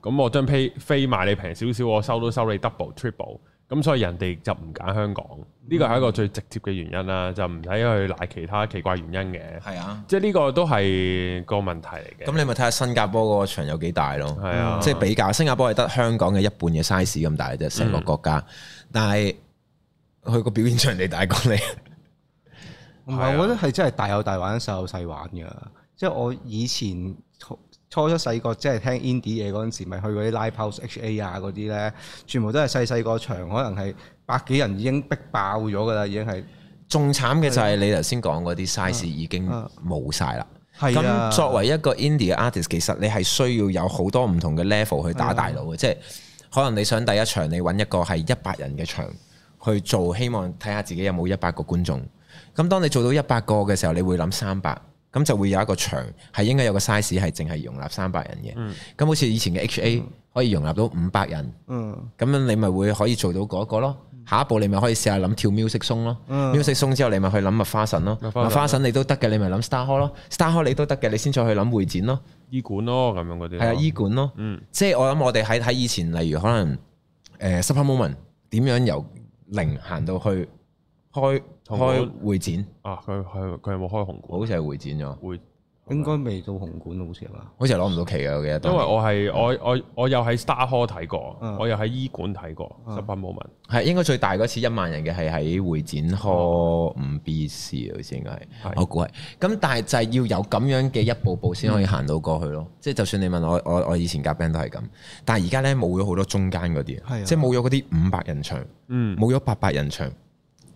咁、嗯、我張票飛賣你平少少，我收都收你 double、triple。咁所以人哋就唔揀香港，呢個係一個最直接嘅原因啦，嗯、就唔使去賴其他奇怪原因嘅。係啊，即係呢個都係個問題嚟嘅。咁你咪睇下新加坡嗰場有幾大咯？係啊，即係比較新加坡係得香港嘅一半嘅 size 咁大啫，成個國家。嗯、但係佢個表演場地大過你。唔係、啊， 我覺得係真係大有大玩，細有細玩㗎。即係我以前。初初細個即係聽 indie 嘢嗰陣時，咪去嗰啲 live house、ha 啊嗰啲呢，全部都係細細個場，可能係百幾人已經逼爆咗噶啦，已經係。仲慘嘅就係你頭先講嗰啲 size、啊啊、已經冇晒啦。係啊。咁、啊、作為一個 indie 嘅 artist，其實你係需要有好多唔同嘅 level 去打大佬嘅，啊、即係可能你想第一場你揾一個係一百人嘅場去做，希望睇下自己有冇一百個觀眾。咁當你做到一百個嘅時候，你會諗三百。咁就會有一個場，係應該有個 size 係淨係容納三百人嘅。咁、嗯、好似以前嘅 HA、嗯、可以容納到五百人。咁樣、嗯、你咪會可以做到嗰個咯。下一步你咪可以試下諗跳 Music Zone 咯。嗯、Music Zone 之後你咪去諗麥花臣咯。花，花臣你都得嘅，你咪諗 Star hall 咯。Star hall 你都得嘅，你先再去諗會展咯。伊館咯咁樣嗰啲。係啊，伊館咯。嗯，即係我諗我哋喺喺以前，例如可能誒、呃、Super Moment 點樣由零行到去開。開會展啊！佢佢佢有冇開紅館，好似係會展咗，會展應該未到紅館咯，好似係嘛？好似係攞唔到期嘅，我記得。因為我係我我我又喺 Star Hall 睇過，我又喺伊館睇過，Supper Moment。係應該最大嗰次一萬人嘅係喺會展 Hall 五 B C，好似應該係，我估係。咁但係就係要有咁樣嘅一步步先可以行到過去咯。即係就算你問我，我我以前夾 band 都係咁，但係而家咧冇咗好多中間嗰啲，即係冇咗嗰啲五百人場，嗯，冇咗八百人場。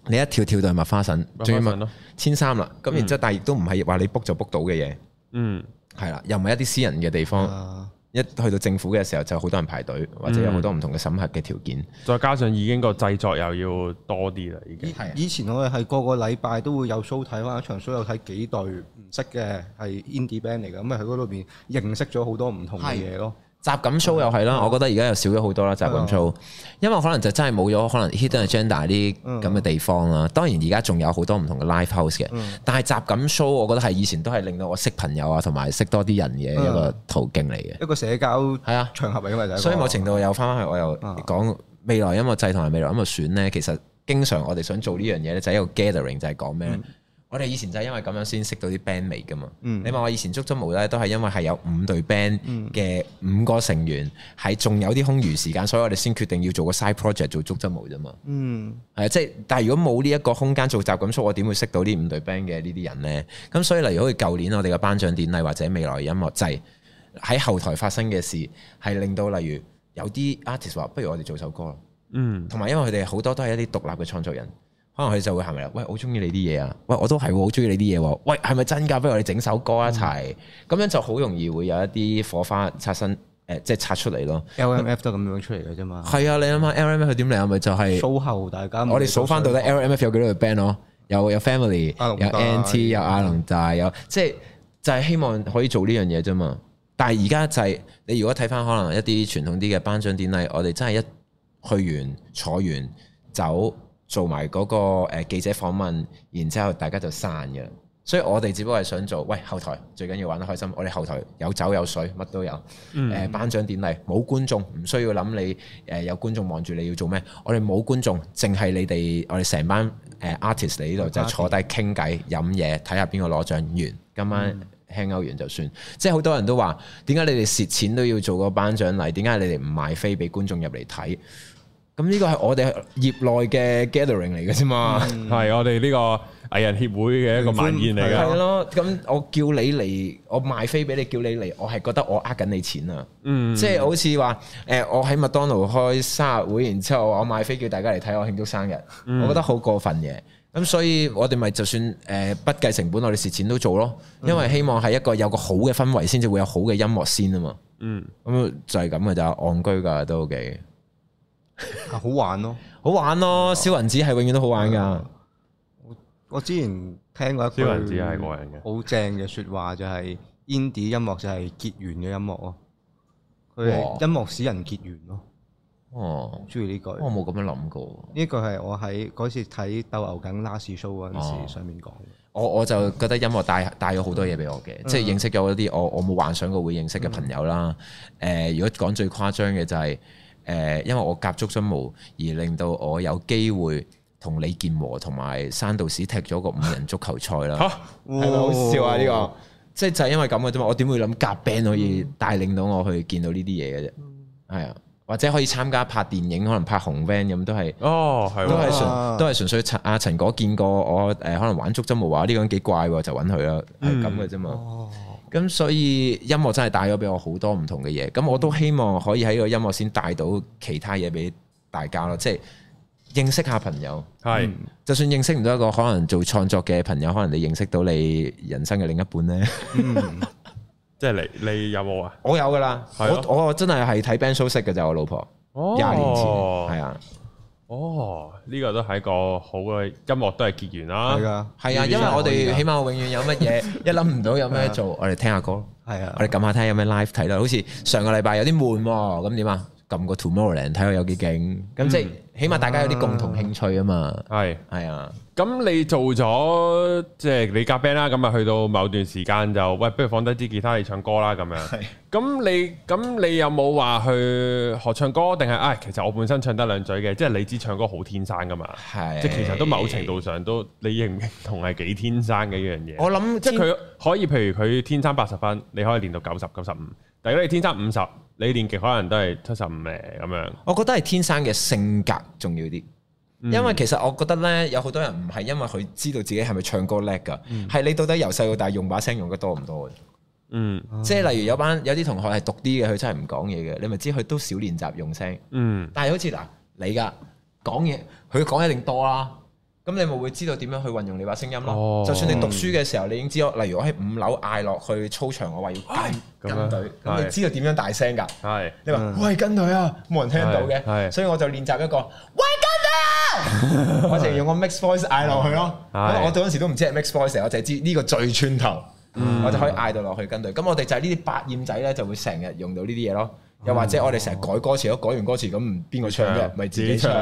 你一跳跳都係麥花臣？最尾咪千三啦，咁然之後但亦都唔係話你 book 就 book 到嘅嘢，嗯，係啦，又唔係一啲私人嘅地方，一去到政府嘅時候就好多人排隊，或者有好多唔同嘅審核嘅條件，再加上已經個製作又要多啲啦，已經係以前我哋係個個禮拜都會有 show 睇翻一場 show，有睇幾隊唔識嘅係 indie band 嚟嘅，咁啊喺嗰度邊認識咗好多唔同嘅嘢咯。雜錦 show 又係啦，嗯、我覺得而家又少咗好多啦，雜錦 show，因為可能就真係冇咗可能 Hidden Agenda 啲咁嘅地方啦。嗯、當然而家仲有好多唔同嘅 live house 嘅，嗯、但係雜錦 show 我覺得係以前都係令到我識朋友啊，同埋識多啲人嘅一個途徑嚟嘅、嗯。一個社交係啊場合嚟嘅嘛，就、啊這個、所以某程度又翻返去，我又講未來音樂祭同埋未來音樂選呢。其實經常我哋想做呢樣嘢咧，就係一個 gathering，就係講咩？嗯我哋以前就係因為咁樣先識到啲 band 味噶嘛。嗯、你問我以前觸執毛咧，都係因為係有五隊 band 嘅五個成員，喺仲、嗯、有啲空餘時間，所以我哋先決定要做個 side project 做觸執毛啫嘛。嗯，係即係，但係如果冇呢一個空間做集咁疏，我點會識到五呢五隊 band 嘅呢啲人咧？咁所以例如好似舊年我哋嘅頒獎典禮或者未來音樂祭喺後台發生嘅事，係令到例如有啲 artist 話不如我哋做首歌。嗯，同埋因為佢哋好多都係一啲獨立嘅創作人。可能佢就會係咪啊？喂，好中意你啲嘢啊！喂，我都係好中意你啲嘢喎！喂，係咪真㗎？不如我哋整首歌一齊，咁、嗯、樣就好容易會有一啲火花擦身，誒、呃，即係擦出嚟咯。L M F、嗯、都咁樣出嚟嘅啫嘛。係啊，你諗下的 L M F 佢點嚟啊？咪就係、是、數後大家。我哋數翻到底 L M F 有幾多個 band 咯、啊？有有 family，有 N T，有阿龍仔，有即係就係、是、希望可以做呢樣嘢啫嘛。但係而家就係、是、你如果睇翻可能一啲傳統啲嘅頒獎典禮，我哋真係一去完坐完走。走走做埋嗰個誒記者訪問，然之後大家就散嘅。所以我哋只不過係想做，喂，後台最緊要玩得開心。我哋後台有酒有水，乜都有。誒、嗯，頒獎、呃、典禮冇觀眾，唔需要諗你誒有觀眾望住你要做咩。我哋冇觀眾，淨係你哋我哋成班誒 artist 嚟呢度就坐低傾偈飲嘢，睇下邊個攞獎完。今晚 hang out 完就算。即係好多人都話，點解你哋蝕錢都要做個頒獎禮？點解你哋唔賣飛俾觀眾入嚟睇？咁呢、嗯、個係我哋業內嘅 gathering 嚟嘅啫嘛，係我哋呢個藝人協會嘅一個晚宴嚟嘅。係咯，咁我叫你嚟，我賣飛俾你，叫你嚟，我係覺得我呃緊你錢啊。嗯、即係好似話，誒、呃，我喺麥當勞開生日會，然之後我賣飛叫大家嚟睇我慶祝生日，嗯、我覺得好過分嘅。咁所以我哋咪就算誒、呃、不計成本，我哋蝕錢都做咯，因為希望係一個有個好嘅氛圍，先至會有好嘅音樂先啊嘛。嗯，咁、嗯、就係咁嘅咋，戇居噶都幾。 好玩咯，哦，好玩咯，小雲子係永遠都好玩噶。我、 嗯、我之前聽過一句，消雲子係個人嘅，好正嘅說話就係、是、，indie 音樂就係結緣嘅音樂咯。佢係音樂使人結緣咯。哦哇，中意呢句。我冇咁樣諗過。呢句係我喺嗰次睇鬥牛梗 Last Show 嗰陣時上面講。我我就覺得音樂帶帶咗好多嘢俾我嘅，嗯、即係認識咗一啲我我冇幻想過會認識嘅朋友啦。誒、嗯，如果講最誇張嘅就係、是。誒、呃，因為我夾觸執毛而令到我有機會同李健和同埋山道士踢咗個五人足球賽啦。 啊、係咪好笑啊！呢哇、這個即係就係因為咁嘅啫嘛。我點會諗夾 band 可以帶領到我去見到呢啲嘢嘅啫？係啊，或者可以參加拍電影，可能拍紅 van 咁都係。哦，係、啊、都係純哇 都係純粹阿陳果見過我誒、呃，可能玩觸執毛、嗯、啊，話呢個人幾怪喎，就揾佢啦。係咁嘅啫嘛。咁所以音樂真係帶咗俾我好多唔同嘅嘢，咁我都希望可以喺個音樂先帶到其他嘢俾大家咯，即係認識下朋友，係是、嗯、就算認識唔到一個可能做創作嘅朋友，可能你認識到你人生嘅另一半呢，嗯、 即係你你有冇啊的？我有噶啦，我我真係係睇 band show 識嘅就我老婆，廿、哦、年前係啊。哦，呢個都係一個好嘅音樂，都係結緣啦。係啊，係啊的，因為我哋起碼永遠有乜嘢 一諗唔到有咩做，的我哋聽下歌。係啊的，我哋撳下睇有咩 live 睇咯。好似上個禮拜有啲悶喎，咁點啊？撳個 Tomorrowland 睇下有幾勁。咁即係。就是起碼大家有啲共同興趣啊嘛，係，係啊，咁你做咗即係你夾 band 啦，咁啊去到某段時間就，喂，不如放低支吉他嚟唱歌啦咁樣，係，咁你咁你有冇話去學唱歌定係唉？其實我本身唱得兩嘴嘅，即係你知唱歌好天生噶嘛，係，即係其實都某程度上都你認唔認同係幾天生嘅一樣嘢。我諗即係佢可以，譬如佢天生八十分，你可以練到九十九十五，但如果你天生五十。你年級可能都係七十五名咁樣，我覺得係天生嘅性格重要啲，嗯、因為其實我覺得呢，有好多人唔係因為佢知道自己係咪唱歌叻㗎，係、嗯、你到底由細到大用把聲用得多唔多嘅、嗯，嗯，即係例如有班有啲同學係讀啲嘅，佢真係唔講嘢嘅，你咪知佢都少練習用聲，嗯，但係好似嗱、啊、你㗎講嘢，佢講一定多啦、啊。咁你咪會知道點樣去運用你把聲音咯。就算你讀書嘅時候，你已經知咯。例如我喺五樓嗌落去操場，我話要跟跟隊，咁你知道點樣大聲噶？係你話喂，跟隊啊，冇人聽到嘅。係所以我就練習一個喂跟隊啊，我淨係用個 Mix Voice 嗌落去咯。我到嗰陣時都唔知係 Mix Voice，我就知呢個最串頭，我就可以嗌到落去跟隊。咁我哋就係呢啲百厭仔咧，就會成日用到呢啲嘢咯。又或者我哋成日改歌詞，改完歌詞咁邊個唱嘅？咪自己唱。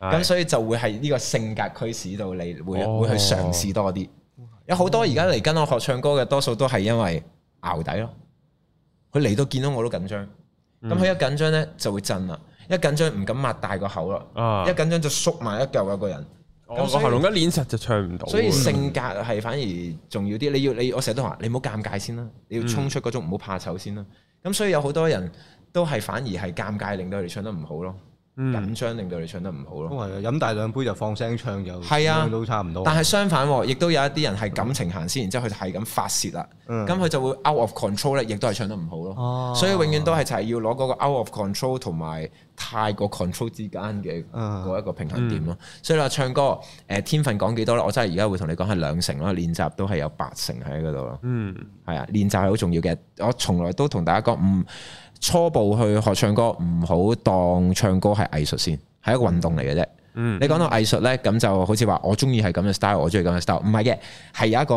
咁是所以就會係呢個性格驅使到你會會去嘗試多啲，哦哦、有好多而家嚟跟我學唱歌嘅多數都係因為淆底咯。佢嚟到見到我都緊張，咁佢、嗯、一緊張咧就會震啦，一緊張唔敢擘大個口啦，啊、一緊張就縮埋一嚿嘅個人，個喉嚨一捏實就唱唔到。所以性格係反而重要啲，你要你我成日都話，你唔好尷尬先啦，你要衝出嗰種唔好怕醜先啦。咁、嗯、所以有好多人都係反而係尷尬令到你唱得唔好咯。緊張令到你唱得唔好咯，飲、哦、大兩杯就放聲唱咗，都差唔多。但係相反，亦都有一啲人係感情行先，嗯、然之後佢就係咁發洩啦，咁佢、嗯、就會 out of control 咧，亦都係唱得唔好咯。啊、所以永遠都係就係要攞嗰個 out of control 同埋太過 control 之間嘅嗰一個平衡點咯。啊嗯、所以你話唱歌，誒、呃，天分講幾多咧？我真係而家會同你講係兩成啦，練習都係有八成喺嗰度咯。嗯，係啊，練習係好重要嘅。我從來都同大家講唔。嗯初步去學唱歌，唔好當唱歌係藝術先，係一個運動嚟嘅啫。嗯，你講到藝術咧，咁就好似話我中意係咁嘅 style，我中意咁嘅 style。唔係嘅，係有一個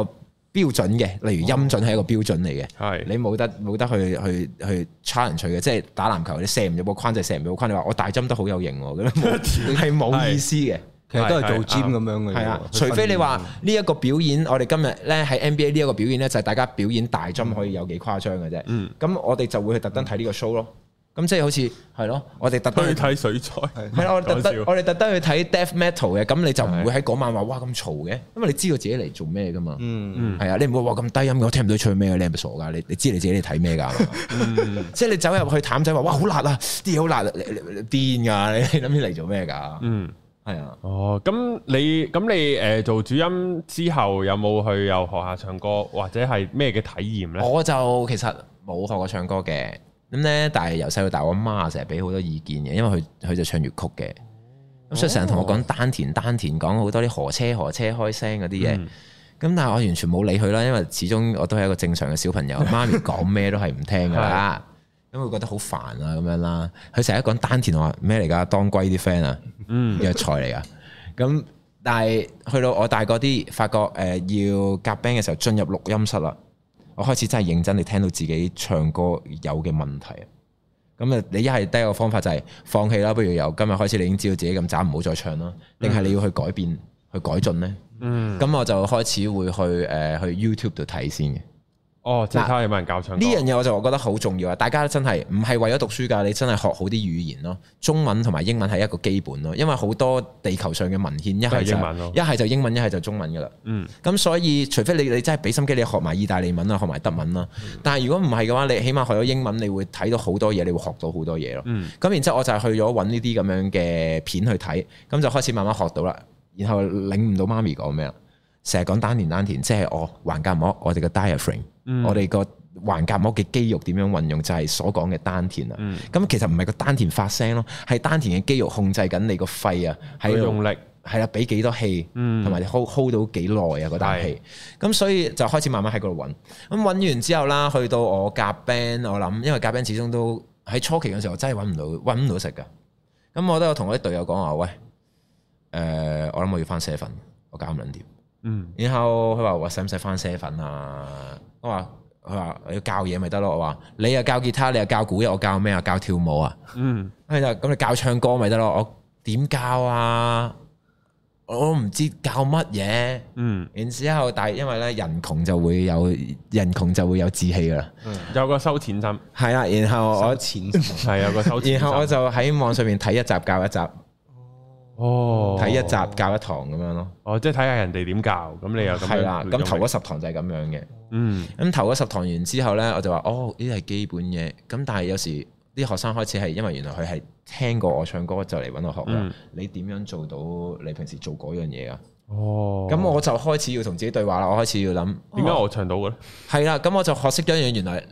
標準嘅，例如音準係一個標準嚟嘅。係、哦、你冇得冇得去去去 challenge 佢嘅，即係打籃球你射唔入個框就係、是、射唔入個框。你話我大針都好有型，我覺得係冇意思嘅。都係做 gym 咁樣嘅，係啊。除非你話呢一個表演，我哋今日咧喺 NBA 呢一個表演咧，就係大家表演大針可以有幾誇張嘅啫。咁、嗯、我哋就會去特登睇呢個 show 咯。咁即係好似係咯，我哋特登去睇水彩係。係我特登，我哋特登去睇 death metal 嘅。咁你就唔會喺嗰晚話哇咁嘈嘅，因為你知道自己嚟做咩噶嘛。係啊、嗯，你唔會話咁低音嘅，我聽唔到唱咩嘅。你係咪傻噶？你你知你自己嚟睇咩噶？即係你走入去淡仔話哇好辣啊，啲嘢好辣癲噶，你諗住嚟做咩噶？嗯 係啊，哦，咁你咁你誒做主音之後有冇去又學下唱歌或者係咩嘅體驗呢？我就其實冇學過唱歌嘅，咁咧，但係由細到大，我媽成日俾好多意見嘅，因為佢佢就唱粵曲嘅，咁所以成日同我講丹田丹田，講好多啲何車何車開聲嗰啲嘢，咁、嗯、但係我完全冇理佢啦，因為始終我都係一個正常嘅小朋友，媽咪講咩都係唔聽㗎啦。 因為覺得好煩啊，咁樣啦。佢成日講丹田話咩嚟噶？當歸啲 friend 啊， 藥材嚟噶。咁但係去到我大個啲，發覺誒、呃、要夾 band 嘅時候，進入錄音室啦，我開始真係認真地聽到自己唱歌有嘅問題。咁啊，你一係第一個方法就係放棄啦，不如由今日開始，你已經知道自己咁渣，唔好再唱啦。定係你要去改變、去改進呢？咁 我就開始會去誒、呃、去 YouTube 度睇先嘅。哦，睇下有冇人教唱？呢樣嘢我就覺得好重要啊！大家真係唔係為咗讀書㗎，你真係學好啲語言咯。中文同埋英文係一個基本咯，因為好多地球上嘅文獻一係英文，一係就英文，一係就中文㗎啦。咁、嗯、所以除非你你真係俾心機，你學埋意大利文啦，學埋德文啦。但係如果唔係嘅話，你起碼學咗英文，你會睇到好多嘢，你會學到好多嘢咯。咁、嗯、然之後我就去咗揾呢啲咁樣嘅片去睇，咁就開始慢慢學到啦。然後領唔到媽咪講咩啊？成日講單田單田，即係我、哦、橫膈膜，我哋嘅 diaphragm。嗯、我哋個橫膈膜嘅肌肉點樣運用，就係、是、所講嘅丹田啦。咁、嗯、其實唔係個丹田發聲咯，係丹田嘅肌肉控制緊你個肺啊，係用，用力，係啦，俾幾多氣，同埋 hold hold 到幾耐啊，嗰啖氣。咁是的 所以就開始慢慢喺嗰度揾。咁揾完之後啦，去到我夾 band，我諗，因為夾 band 始終都喺初期嘅時候我真係揾唔到，揾唔到食噶。咁我都有同我啲隊友講話，喂，誒、呃，我諗我要翻社訓，我夾唔捻掂。嗯，然後佢話：我使唔使翻社訓啊？我話：佢話要教嘢咪得咯。我話你又教吉他，你又教鼓，我教咩啊？教跳舞啊？嗯，佢就咁你教唱歌咪得咯？我點教啊？我唔知教乜嘢。嗯，然之後，但因為咧人窮就會有，人窮就會有志氣啦。有個收錢針。係啊，然後我錢係 有個收錢。然後我就喺網上面睇一集 教一集。哦，睇一集教一堂咁樣咯。哦，即係睇下人哋點教，咁你又咁樣。係啦、啊，咁頭嗰十堂就係咁樣嘅。嗯，咁頭嗰十堂完之後呢，我就話哦，呢啲係基本嘢。」咁但係有時啲學生開始係因為原來佢係聽過我唱歌就嚟搵我學啦。嗯、你點樣做到你平時做嗰樣嘢啊？哦，咁我就開始要同自己對話啦。我開始要諗，點解我唱到嘅咧？係啦、哦，咁、啊、我就學識咗一樣，原來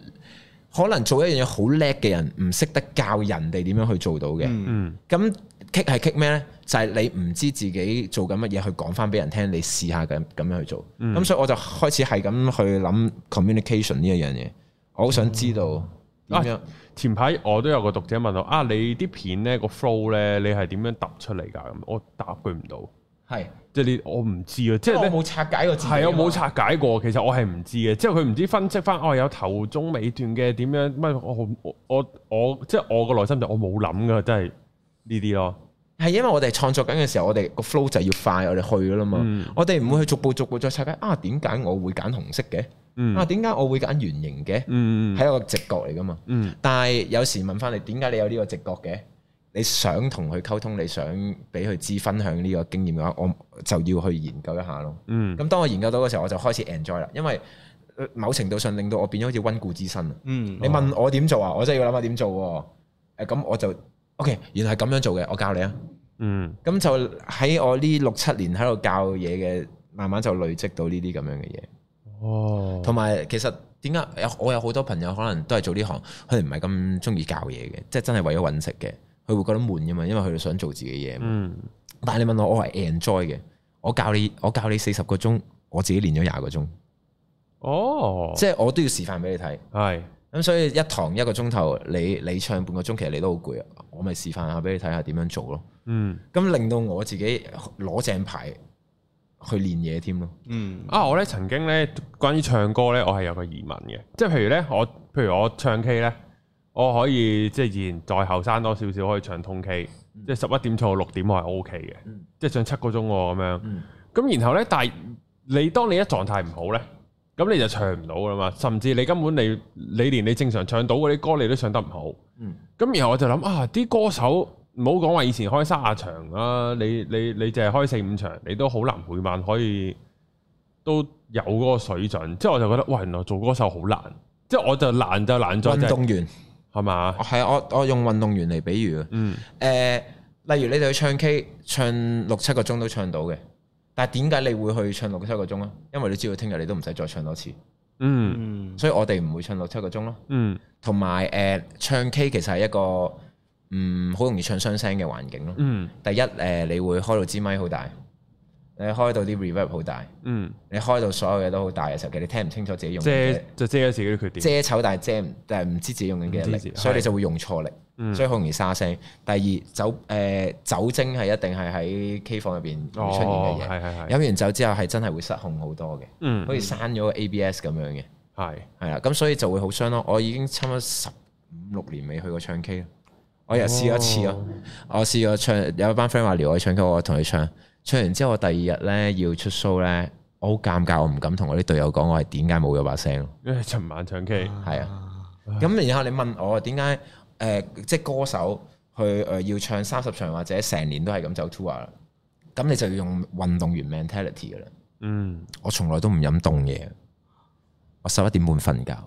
可能做一樣嘢好叻嘅人，唔識得教人哋點樣去做到嘅。嗯，咁 kick 係咩呢？嗯就係你唔知自己做緊乜嘢，去講翻俾人聽。你試下咁咁樣去做，咁、嗯、所以我就開始係咁去諗 communication 呢一、嗯、樣嘢。我好想知道點樣、啊。啊、前排我都有個讀者問我：啊，你啲片咧個 flow 咧，你係點樣揼出嚟㗎？咁我答佢唔到，係即係你我唔知啊。即係你冇拆解過，係我冇拆解過。其實我係唔知嘅。即係佢唔知分析翻哦，有頭中尾段嘅點樣乜？我我我我即係、就是、我個內心就我冇諗㗎，真係呢啲咯。係因為我哋創作緊嘅時候，我哋個 flow 就要快，我哋去噶啦嘛。我哋唔會去逐步逐步再拆解。啊，點解我會揀紅色嘅？啊，點解我會揀圓形嘅？係一個直覺嚟噶嘛。但係有時問翻你，點解你有呢個直覺嘅？你想同佢溝通，你想俾佢知分享呢個經驗嘅話，我就要去研究一下咯。咁當我研究到嘅時候，我就開始 enjoy 啦。因為某程度上令到我變咗好似温故知新。你問我點做啊？我真係要諗下點做。誒，咁我就 OK，原來係咁樣做嘅，我教你啊。嗯，咁就喺我呢六七年喺度教嘢嘅，慢慢就累積到呢啲咁樣嘅嘢。哦，同埋其實點解有我有好多朋友可能都係做呢行，佢唔係咁中意教嘢嘅，即係真係為咗搵食嘅，佢會覺得悶噶嘛，因為佢哋想做自己嘢。嗯，但係你問我，我係 enjoy 嘅，我教你，我教你四十個鐘，我自己練咗廿個鐘。哦，即係我都要示範俾你睇，係。咁所以一堂一個鐘頭，你你唱半個鐘，其實你都好攰啊！我咪示範下俾你睇下點樣做咯。嗯，咁令到我自己攞正牌去練嘢添咯。嗯啊，啊我呢曾經呢，關於唱歌呢，我係有個疑問嘅，即係譬如呢，我譬如我唱 K 呢，我可以即係以前再後生多少少可以唱通 K、嗯、即係十一點坐到六點我係 O K 嘅，嗯、即係唱七個鐘咁樣。咁、嗯嗯、然後呢，但係你當你一狀態唔好呢。咁你就唱唔到啦嘛，甚至你根本你你連你正常唱到嗰啲歌，你都唱得唔好。嗯，咁然後我就諗啊，啲歌手唔好講話以前開三廿場啦、啊，你你你淨係開四五場，你都好難每晚可以都有嗰個水準。即係我就覺得，喂，原來做歌手好難。即係我就難就難在、就是、運動員係嘛？係啊，我我用運動員嚟比喻啊。嗯。誒、呃，例如你哋去唱 K，唱六七個鐘都唱到嘅。但係點解你會去唱六七個鐘啊？因為你知道聽日你都唔使再唱多次，嗯，所以我哋唔會唱六七個鐘咯、嗯呃，嗯。同埋誒唱 K 其實係一個嗯好容易唱傷聲嘅環境咯，嗯。第一誒、呃、你會開到支咪好大。你開到啲 reverb 好大，嗯，你開到所有嘢都好大嘅時候，其實你聽唔清楚自己用嘅，遮就遮咗自己啲缺點，遮醜但係遮唔，但係唔知自己用緊幾多力，所以你就會用錯力，嗯、所以好容易沙聲。第二酒誒、呃、酒精係一定係喺 K 房入邊出現嘅嘢，係飲、哦、完酒之後係真係會失控好多嘅，好似刪咗個 ABS 咁樣嘅，係係啦，咁的所以就會好傷咯。我已經差唔多十五六年未去過唱 K、哦、我又試過一次咯、啊，我試過唱，有一班 friend 話撩我唱 K，我同佢唱。唱完之後，我第二日咧要出 show 咧，我好尷尬，我唔敢同我啲隊友講，我係點解冇咗把聲。因為尋晚唱 K，係啊。咁、啊、唉然後你問我點解？誒、呃，即係歌手去誒、呃、要唱三十場或者成年都係咁走 tour 啦，咁你就要用運動員 mentality 噶啦。嗯，我從來都唔飲凍嘢，我十一點半瞓覺嘅，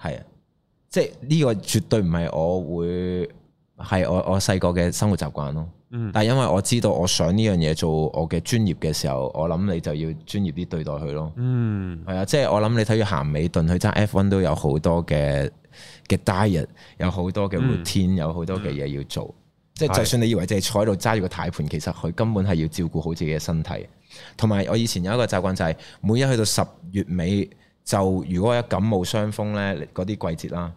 係啊，即係呢、呢個絕對唔係我會係我我細個嘅生活習慣咯。嗯，但係因為我知道我想呢樣嘢做我嘅專業嘅時候，我諗你就要專業啲對待佢咯。嗯，係啊，即係我諗你睇住咸美頓去揸 F1 都有好多嘅嘅 diet，嗯、有好多嘅 routine、嗯，有好多嘅嘢要做。嗯、即係就算你以為就係坐喺度揸住個軚盤，其實佢根本係要照顧好自己嘅身體。同埋我以前有一個習慣就係、是，每一去到十月尾就如果一感冒傷風呢嗰啲季節啦，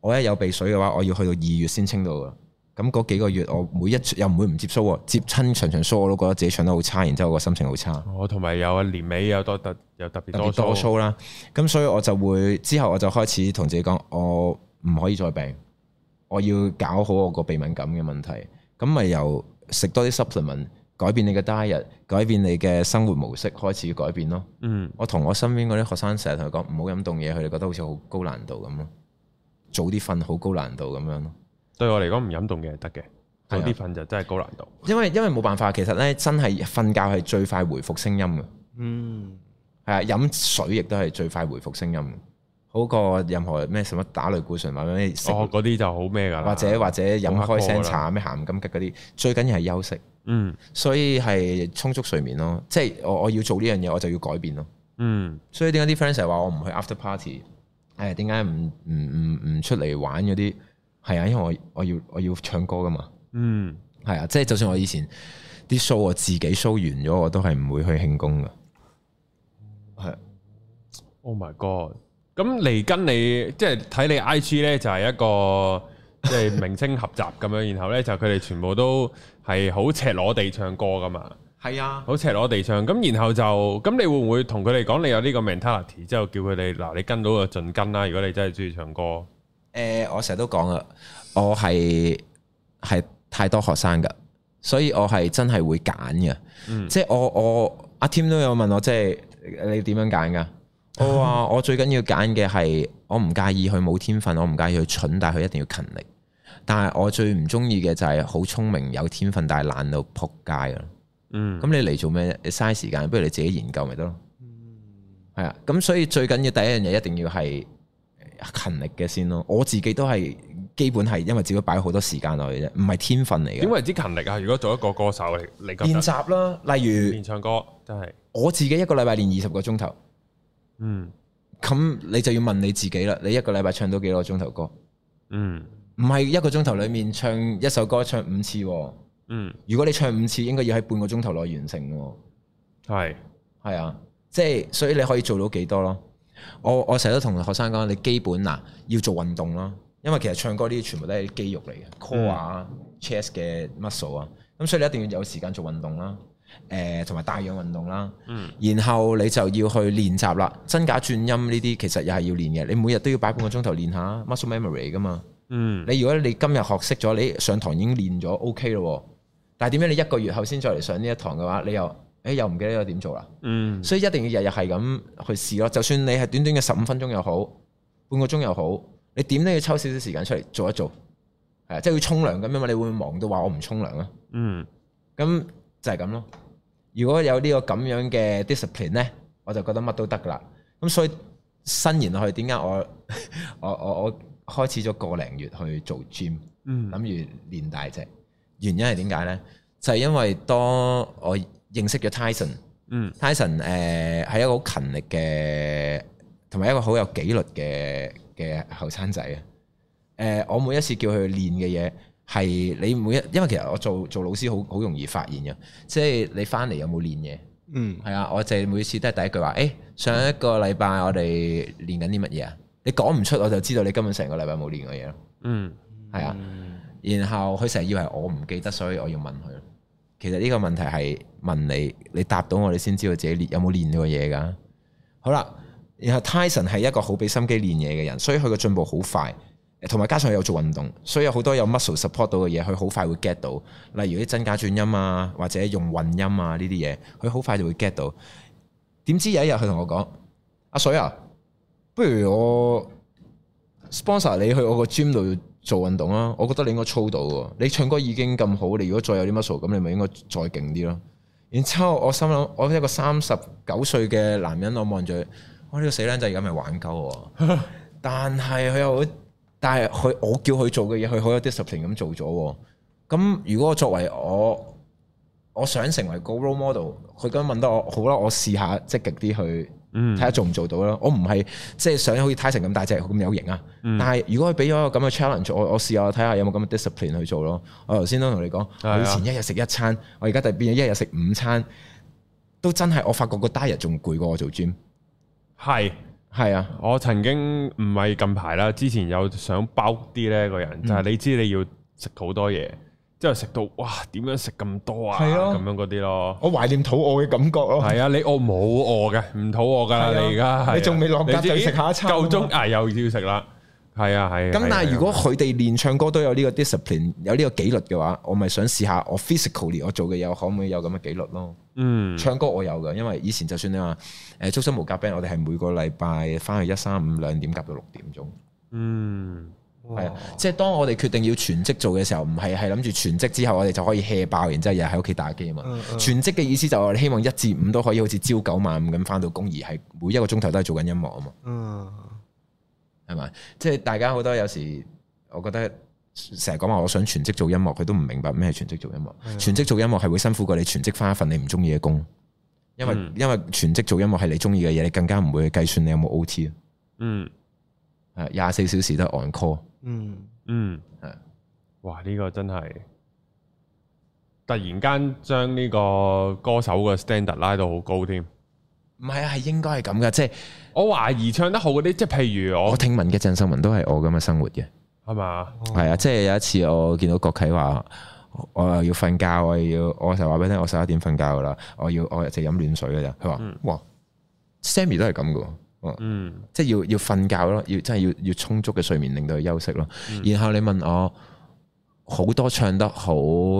我一有鼻水嘅話，我要去到二月先清到。咁嗰幾個月，我每一又唔會唔接 show，接親場場 show 我都覺得自己唱得好差，然之後個心情好差。我同埋有年尾有多特，又特別多 show 啦。咁、嗯、所以我就會之後我就開始同自己講，我唔可以再病，我要搞好我個鼻敏感嘅問題。咁咪由食多啲 supplement，改變你嘅 diet，改變你嘅生活模式，開始改變咯。嗯，我同我身邊嗰啲學生成日同佢講唔好飲凍嘢，佢哋覺得好似好高難度咁咯。早啲瞓好高難度咁樣咯。對我嚟講唔飲凍嘢係得嘅，早啲瞓就真係高難度。因為因為冇辦法，其實呢，真係瞓覺係最快回復聲音嘅。嗯，係啊，飲水亦都係最快回復聲音，好過任何咩什,什麼打類固醇或者咩哦，嗰啲就好咩㗎。或者、哦、或者飲開聲茶咩鹹柑桔嗰啲，最緊要係休息。嗯，所以係充足睡眠咯，即係我我要做呢樣嘢，我就要改變咯。嗯，所以點解啲 friend 成日話我唔去 after party？誒、哎，點解唔唔唔唔出嚟玩嗰啲？係啊，因為我要我要我要唱歌噶嘛。嗯，係啊，即係就算我以前啲 show 我自己 show 完咗，我都係唔會去慶功噶。係，Oh my God！咁嚟跟你，即係睇你 IG 呢，就係一個即係明星合集咁樣。 然後呢，就佢哋全部都係好赤裸地唱歌噶嘛。係啊，好赤裸地唱。咁然後就咁你會唔會同佢哋講你有呢個 mentality，之後叫佢哋，嗱你跟到就盡跟啦。如果你真係中意唱歌。誒、呃，我成日都講啦，我係係太多學生噶，所以我係真係會揀嘅，嗯、即係我我阿添都有問我，即係你點樣揀噶？我話我最緊要揀嘅係，我唔介意佢冇天分，我唔介意佢蠢，但係佢一定要勤力。但係我最唔中意嘅就係好聰明有天分，但係懶到撲街咯。嗯，咁你嚟做咩？你嘥時間，不如你自己研究咪得咯。嗯，係啊。咁所以最緊要第一樣嘢，一定要係。勤力嘅先咯，我自己都係基本係因為自己擺好多時間落去啫，唔係天分嚟嘅。點為之勤力啊？如果做一個歌手，練習啦，例如練唱歌，真係我自己一個禮拜練二十個鐘頭。嗯，咁你就要問你自己啦，你一個禮拜唱到幾多鐘頭歌？嗯，唔係一個鐘頭裏面唱一首歌唱五次。嗯，如果你唱五次，應該要喺半個鐘頭內完成。係係啊，即係所以你可以做到幾多咯？我我成日都同學生講，你基本嗱要做運動咯，因為其實唱歌呢啲全部都係肌肉嚟嘅，嗯、core 啊、chest 嘅 muscle 啊，咁所以你一定要有時間做運動啦，誒同埋帶氧運動啦，嗯、然後你就要去練習啦，真假轉音呢啲其實又係要練嘅，你每日都要擺半個鐘頭練下 muscle memory 噶嘛，嗯、你如果你今日學識咗，你上堂已經練咗 OK 咯，但係點樣你一個月後先再嚟上呢一堂嘅話，你又？誒、哎、又唔記得我點做啦，嗯，所以一定要日日係咁去試咯。就算你係短短嘅十五分鐘又好，半個鐘又好，你點都要抽少少時間出嚟做一做，即係要沖涼咁樣嘛。你會唔會忙到話我唔沖涼啊？嗯，咁就係咁咯。如果有呢個咁樣嘅 discipline 呢，我就覺得乜都得噶啦。咁所以伸延落去點解我我我我，我開始咗個零月去做 gym，諗住練大隻。原因係點解呢？就係、是、因為當我認識咗 Tyson，嗯，Tyson 誒、呃、係一個好勤力嘅，同埋一個好有紀律嘅嘅後生仔啊。誒、呃，我每一次叫佢練嘅嘢係你每一，因為其實我做做老師好好容易發現嘅，即係你翻嚟有冇練嘢？嗯，係啊，我就係每次都係第一句話，誒、欸，上一個禮拜我哋練緊啲乜嘢啊？你講唔出我就知道你根本成個禮拜冇練過嘢咯。嗯，係啊，然後佢成日以為我唔記得，所以我要問佢。其實呢個問題係問你，你答到我，你先知道自己有有練有冇練到嘅嘢噶。好啦，然後 Tyson 係一個好俾心機練嘢嘅人，所以佢個進步好快，同埋加上佢有做運動，所以有好多有 muscle support 到嘅嘢，佢好快會 get 到。例如啲真假轉音啊，或者用混音啊呢啲嘢，佢好快就會 get 到。點知有一日佢同我講：「阿水啊，不如我 sponsor 你去我個 gym 度。做運動啊！我覺得你應該操到喎。你唱歌已經咁好，你如果再有啲 muscle，咁你咪應該再勁啲咯。然之後我心諗，我一個三十九歲嘅男人，我望住、呢個啊， 我呢個死靚仔，而家咪玩夠喎。但係佢又，但係佢我叫佢做嘅嘢，佢好有 discipline 咁做咗。咁如果我作為我，我想成為個 role model，佢咁問得我，好啦，我試下積極啲去。睇下、嗯、做唔做到啦，我唔係即係想好似 t i 咁大隻咁有型啊，嗯、但係如果佢俾咗一個咁嘅 challenge，我我試下睇下有冇咁嘅 discipline 去做咯。我頭先都同你講，嗯、我以前一日食一餐，我而家就變咗一日食五餐，都真係我發覺個 day 日仲攰過我做 gym。係係是啊，我曾經唔係近排啦，之前有想包啲咧個人，就係你知你要食好多嘢。即係食到，哇！點樣食咁多啊？係、啊、咯，咁樣嗰啲咯。我懷念肚餓嘅感覺咯。係啊，你餓冇餓嘅，唔肚餓噶啦，你而家、啊。你仲未落架就食下一餐？夠鐘啊，又要食啦。係啊，係、啊。咁、啊、但係如果佢哋連唱歌都有呢個 discipline，有呢個紀律嘅話，我咪想試下我 physically 我做嘅嘢，我可唔可以有咁嘅紀律咯？嗯，唱歌我有噶，因為以前就算你話誒，做新毛夾 band，我哋係每個禮拜翻去一三五兩點夾到六點鐘。嗯。係啊哇，即係當我哋決定要全職做嘅時候，唔係係諗住全職之後我哋就可以 hea 爆，然之後日喺屋企打機啊嘛。嗯嗯、全職嘅意思就係我哋希望一至五都可以好似朝九晚五咁翻到工，而係每一個鐘頭都係做緊音樂啊嘛。嗯，係咪？即係大家好多有時，我覺得成日講話我想全職做音樂，佢都唔明白咩係全職做音樂。嗯、全職做音樂係會辛苦過你全職翻一份你唔中意嘅工，因為、嗯、因為全職做音樂係你中意嘅嘢，你更加唔會去計算你有冇 OT。嗯，誒，廿四小時都係 on call。嗯嗯係，哇！呢、這個真係突然間將呢個歌手嘅 standard 拉到好高添。唔係啊，係應該係咁噶，即係我懷疑唱得好嗰啲，即係譬如我，我聽聞嘅鄭秀文都係我咁嘅生活嘅，係嘛吧？係啊，即係有一次我見到郭啟話，我又要瞓覺，我要我就話俾你聽，我十一點瞓覺噶啦，我要我淨飲暖水噶咋，佢話、嗯、哇，Sammy 都係咁噶。嗯，即係要要瞓覺咯，要，要真係要要充足嘅睡眠令到佢休息咯。嗯、然後你問我好多唱得好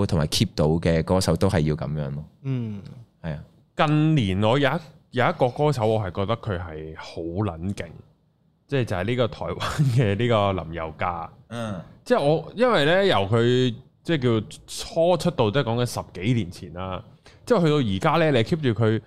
同埋 keep 到嘅歌手都係要咁樣咯。嗯，係啊。近年我有一有一個歌手，我係覺得佢係好撚勁，即係就係、是、呢個台灣嘅呢個林宥嘉。嗯即，即係我因為呢，由佢即係叫初出道，即係講緊十幾年前啦，即係去到而家呢，你 keep 住佢。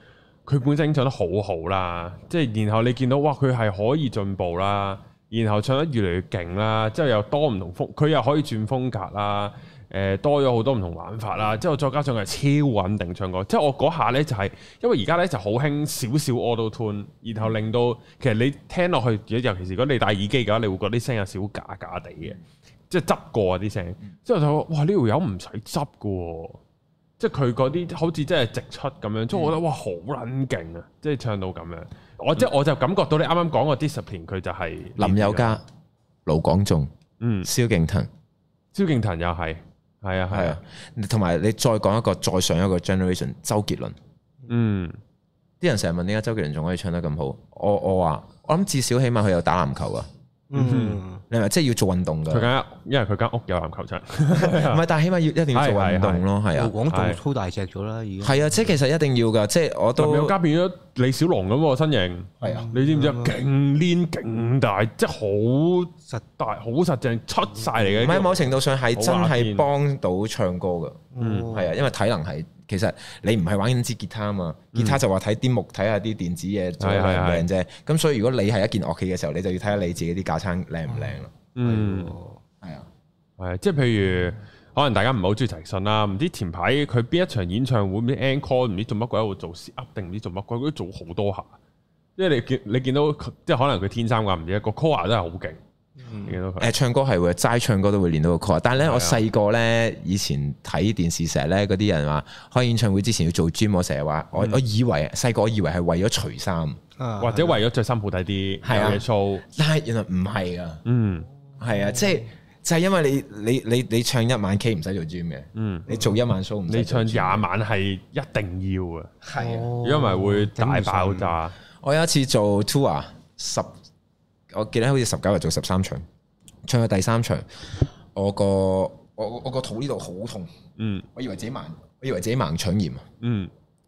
佢本身唱得好好啦，即係然後你見到哇，佢係可以進步啦，然後唱得越嚟越勁啦，之後又多唔同風，佢又可以轉風格啦，誒、呃、多咗好多唔同玩法啦，之後再加上佢超穩定唱歌，即係我嗰下呢就係、是、因為而家呢就好興少少 auto tune，然後令到其實你聽落去，尤其係如果你戴耳機嘅話，你會覺得啲聲有少假假地嘅，即係執過啊啲聲，之後就話哇呢條友唔使執嘅喎。這個即係佢嗰啲好似真係直出咁樣，所以、嗯、我覺得哇好撚勁啊！即係唱到咁樣，嗯、我即係我就感覺到你啱啱講個 discipline 佢就係林宥嘉、盧廣仲、嗯、蕭敬騰、蕭敬騰又係，係啊，係啊，同埋、啊啊、你再講一個再上一個 generation 周杰倫。嗯，啲人成日問點解周杰倫仲可以唱得咁好？我我話我諗至少起碼佢有打籃球啊。嗯嗯即係要做運動㗎？佢梗係，因為佢間屋有籃球場。唔係，但係起碼要一定要做運動咯，係啊。胡廣做粗大隻咗啦，已經係啊，即係其實一定要㗎，即係我都家變咗李小龍咁個身形。係啊，你知唔知啊？勁攣勁大，即係好實大，好實淨出晒嚟嘅。唔係，某程度上係真係幫到唱歌㗎。嗯，係啊，因為體能係。其實你唔係玩緊支吉他啊嘛，嗯、吉他就話睇啲木，睇下啲電子嘢，再睇靚啫。咁、嗯、所以如果你係一件樂器嘅時候，你就要睇下你自己啲架撐靚唔靚咯。嗯，係啊的，係即係譬如可能大家唔係好中意陳奕迅啦，唔知前排佢邊一場演唱會啲 encore 唔知做乜鬼喺度做 up 定唔知做乜鬼，都做好多下。即係你見你見到即係可能佢天生嘅，唔知、個 core 真係好勁。誒，唱歌係會齋唱歌都會練到個 core，但係咧我細個咧以前睇電視成日咧嗰啲人話開演唱會之前要做 gym，我成日話我我以為細個我以為係為咗除衫，或者為咗着衫好睇啲，係啊，但係原來唔係啊。嗯，係啊，即係就係因為你你你你唱一晚 k 唔使做 gym 嘅，嗯，你做一晚 show 唔，你唱廿晚係一定要啊，係，因為會大爆炸。我有一次做 tour 啊。十。我記得好似十九日做十三場，唱到第三場，我個我個肚呢度好好痛，嗯，我以為自己盲，我以為自己盲腸炎啊，嗯，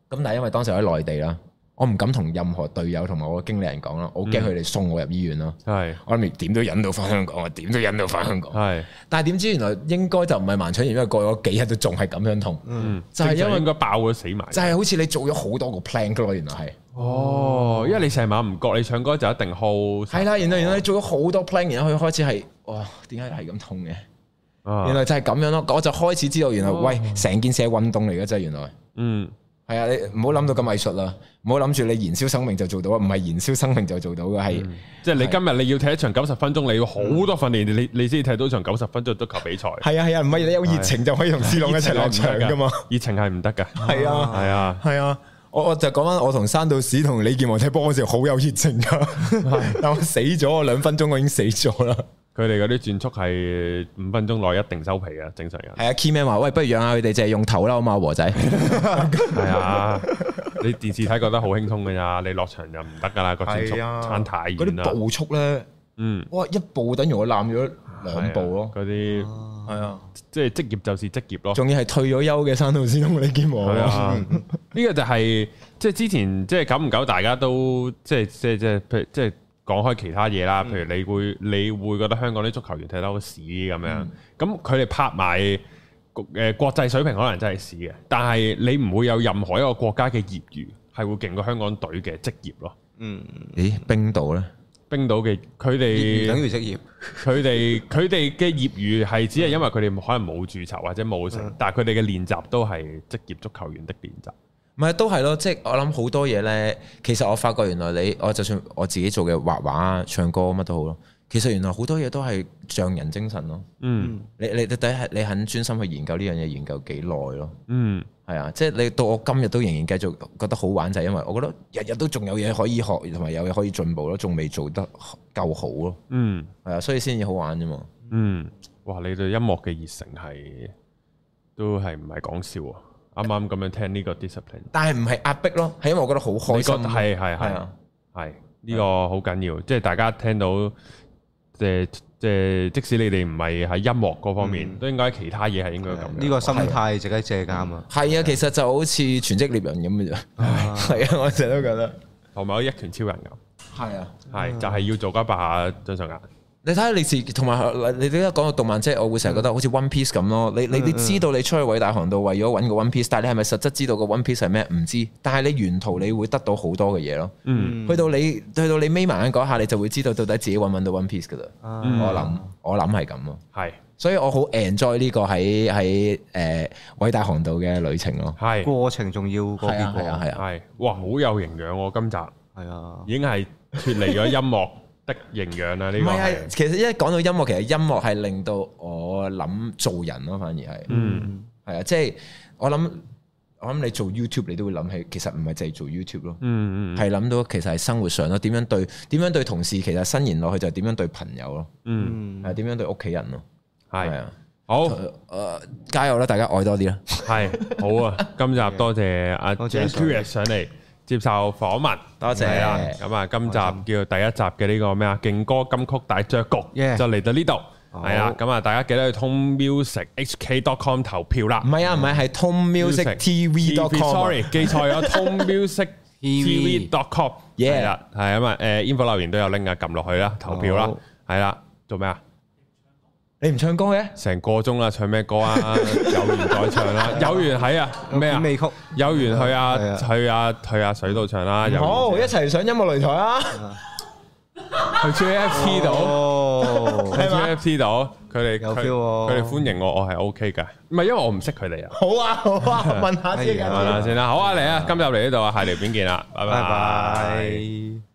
咁但係因為當時我喺內地啦。我唔敢同任何隊友同埋我嘅經理人講咯，我驚佢哋送我入醫院咯。係、嗯，我諗住點都忍到翻香港啊，點都忍到翻香港。係、嗯，是但係點知原來應該就唔係盲腸炎，因為過咗幾日都仲係咁樣痛。嗯，就係因為應該爆咗死埋。就係好似你做咗好多個 plan 咯，原來係。哦，因為你成晚唔覺，你唱歌就一定好。o 係啦，原來原來你做咗好多 plan，然後佢開始係，哦，點解係咁痛嘅？啊、原來就係咁樣咯，我就開始知道原來喂，成、哦、件事係運動嚟嘅啫，原來。嗯。係啊，你唔好諗到咁藝術啦，唔好諗住你燃燒生命就做到啊，唔係燃燒生命就做到嘅係，即係你今日你要踢一場九十分鐘，你要好多訓練，你你先至踢到一場九十分鐘足球比賽。係啊係啊，唔係你有熱情就可以同 C 朗一齊落場噶嘛？熱情係唔得噶。係啊係啊係啊，我我就講翻，我同山道士同李健王踢波嗰時好有熱情噶，但我死咗，我兩分鐘我已經死咗啦。佢哋嗰啲轉速係五分鐘內一定收皮嘅，正常人。係啊，Keyman 話，喂，不如養下佢哋，淨係用頭啦，好嘛？和仔。係 啊，你電視睇覺得好輕鬆㗎咋，你落場就唔得㗎啦，個轉速差太遠啦。嗰啲步速咧，嗯，哇，一步等於我攬咗兩步咯。嗰啲係啊，啊即係職業就是職業咯。仲要係退咗休嘅山路先生，你見冇呢個就係、是、即係之前，即係久唔久，大家都即係即係即係，即係。即即即即即講開其他嘢啦，譬如你會你會覺得香港啲足球員睇得好屎咁樣，咁佢哋拍埋國誒國際水平可能真係屎嘅，但係你唔會有任何一個國家嘅業餘係會勁過香港隊嘅職業咯。嗯，咦、欸，冰島呢？冰島嘅佢哋業餘等於職業，佢哋佢哋嘅業餘係只係因為佢哋可能冇註冊或者冇成，嗯、但係佢哋嘅練習都係職業足球員的練習。咪都係咯，即係我諗好多嘢咧。其實我發覺原來你，我就算我自己做嘅畫畫、唱歌乜都好咯。其實原來好多嘢都係匠人精神咯。嗯，你你到底你肯專心去研究呢樣嘢，研究幾耐咯？嗯，係啊，即係你到我今日都仍然繼續覺得好玩，就係因為我覺得日日都仲有嘢可以學，同埋有嘢可以進步咯，仲未做得夠好咯。嗯，係啊，所以先至好玩啫嘛。嗯，哇，你對音樂嘅熱誠係都係唔係講笑啊？啱啱咁樣聽呢個 discipline，但係唔係壓迫咯，係因為我覺得好開心。係係係啊，係呢個好緊要，即係大家聽到，即係即係，即使你哋唔係喺音樂嗰方面，都應該其他嘢係應該咁。呢個心態值得借鑑啊！係啊，其實就好似全職獵人咁嘅啫，係啊，我成日都覺得同埋我一拳超人咁。係啊，係就係要做加下精神眼。你睇下，你自同埋你你而家講個動漫即係，我會成日覺得好似 One Piece 咁咯。你你知道你出去偉大航道為咗搵個 One Piece，但係你係咪實質知道個 One Piece 係咩？唔知。但係你沿途你會得到好多嘅嘢咯。去到你去到你眯埋眼嗰下，你就會知道到底自己揾唔搵到 One Piece 噶啦。嗯。我諗我諗係咁咯。係是。所以我好 enjoy 呢個喺喺誒偉大航道嘅旅程咯。係是。是過程仲要係啊係啊係啊。啊啊啊哇，好有營養哦！今集係啊，已經係脫離咗音樂。 得營養啊！呢個唔係啊，其實一講到音樂，其實音樂係令到我諗做人咯，反而係嗯係啊，即係我諗我諗你做 YouTube 你都會諗起，其實唔係淨係做 YouTube 咯，嗯嗯，係諗到其實係生活上咯，點樣對點樣對同事，其實伸延落去就係點樣對朋友咯，嗯係點樣對屋企人咯，係啊，好，誒加油啦，大家愛多啲啦，係好啊，今集多謝阿 Jan 上嚟。接受訪問，多謝啦。咁啊，今集叫第一集嘅呢個咩啊？勁歌金曲大雀局 Yeah. 就嚟到呢度，係啦。咁啊，大家記得去 tonemusichk.com 投票啦。唔係啊，唔係係 tonemusic TV, Sorry, tv.com sorry，記錯咗 tonemusictv.com 係啦，係咁啊。誒 email 留言都有拎啊，撳落去啦，投票啦，係啦，oh，做咩啊？你唔唱歌嘅？成個鐘啦，唱咩歌啊？有緣再唱啦，有緣喺啊咩啊？尾曲有緣去啊去啊去啊水度唱啦，好一齊上音樂擂台啊！去 JFT 度，去 JFT 度，佢哋有票，佢哋歡迎我，我係 OK 㗎。唔係因為我唔識佢哋啊。好啊好啊，問下先啦。好啊嚟啊，今集嚟呢度啊，下條片見啦，拜拜。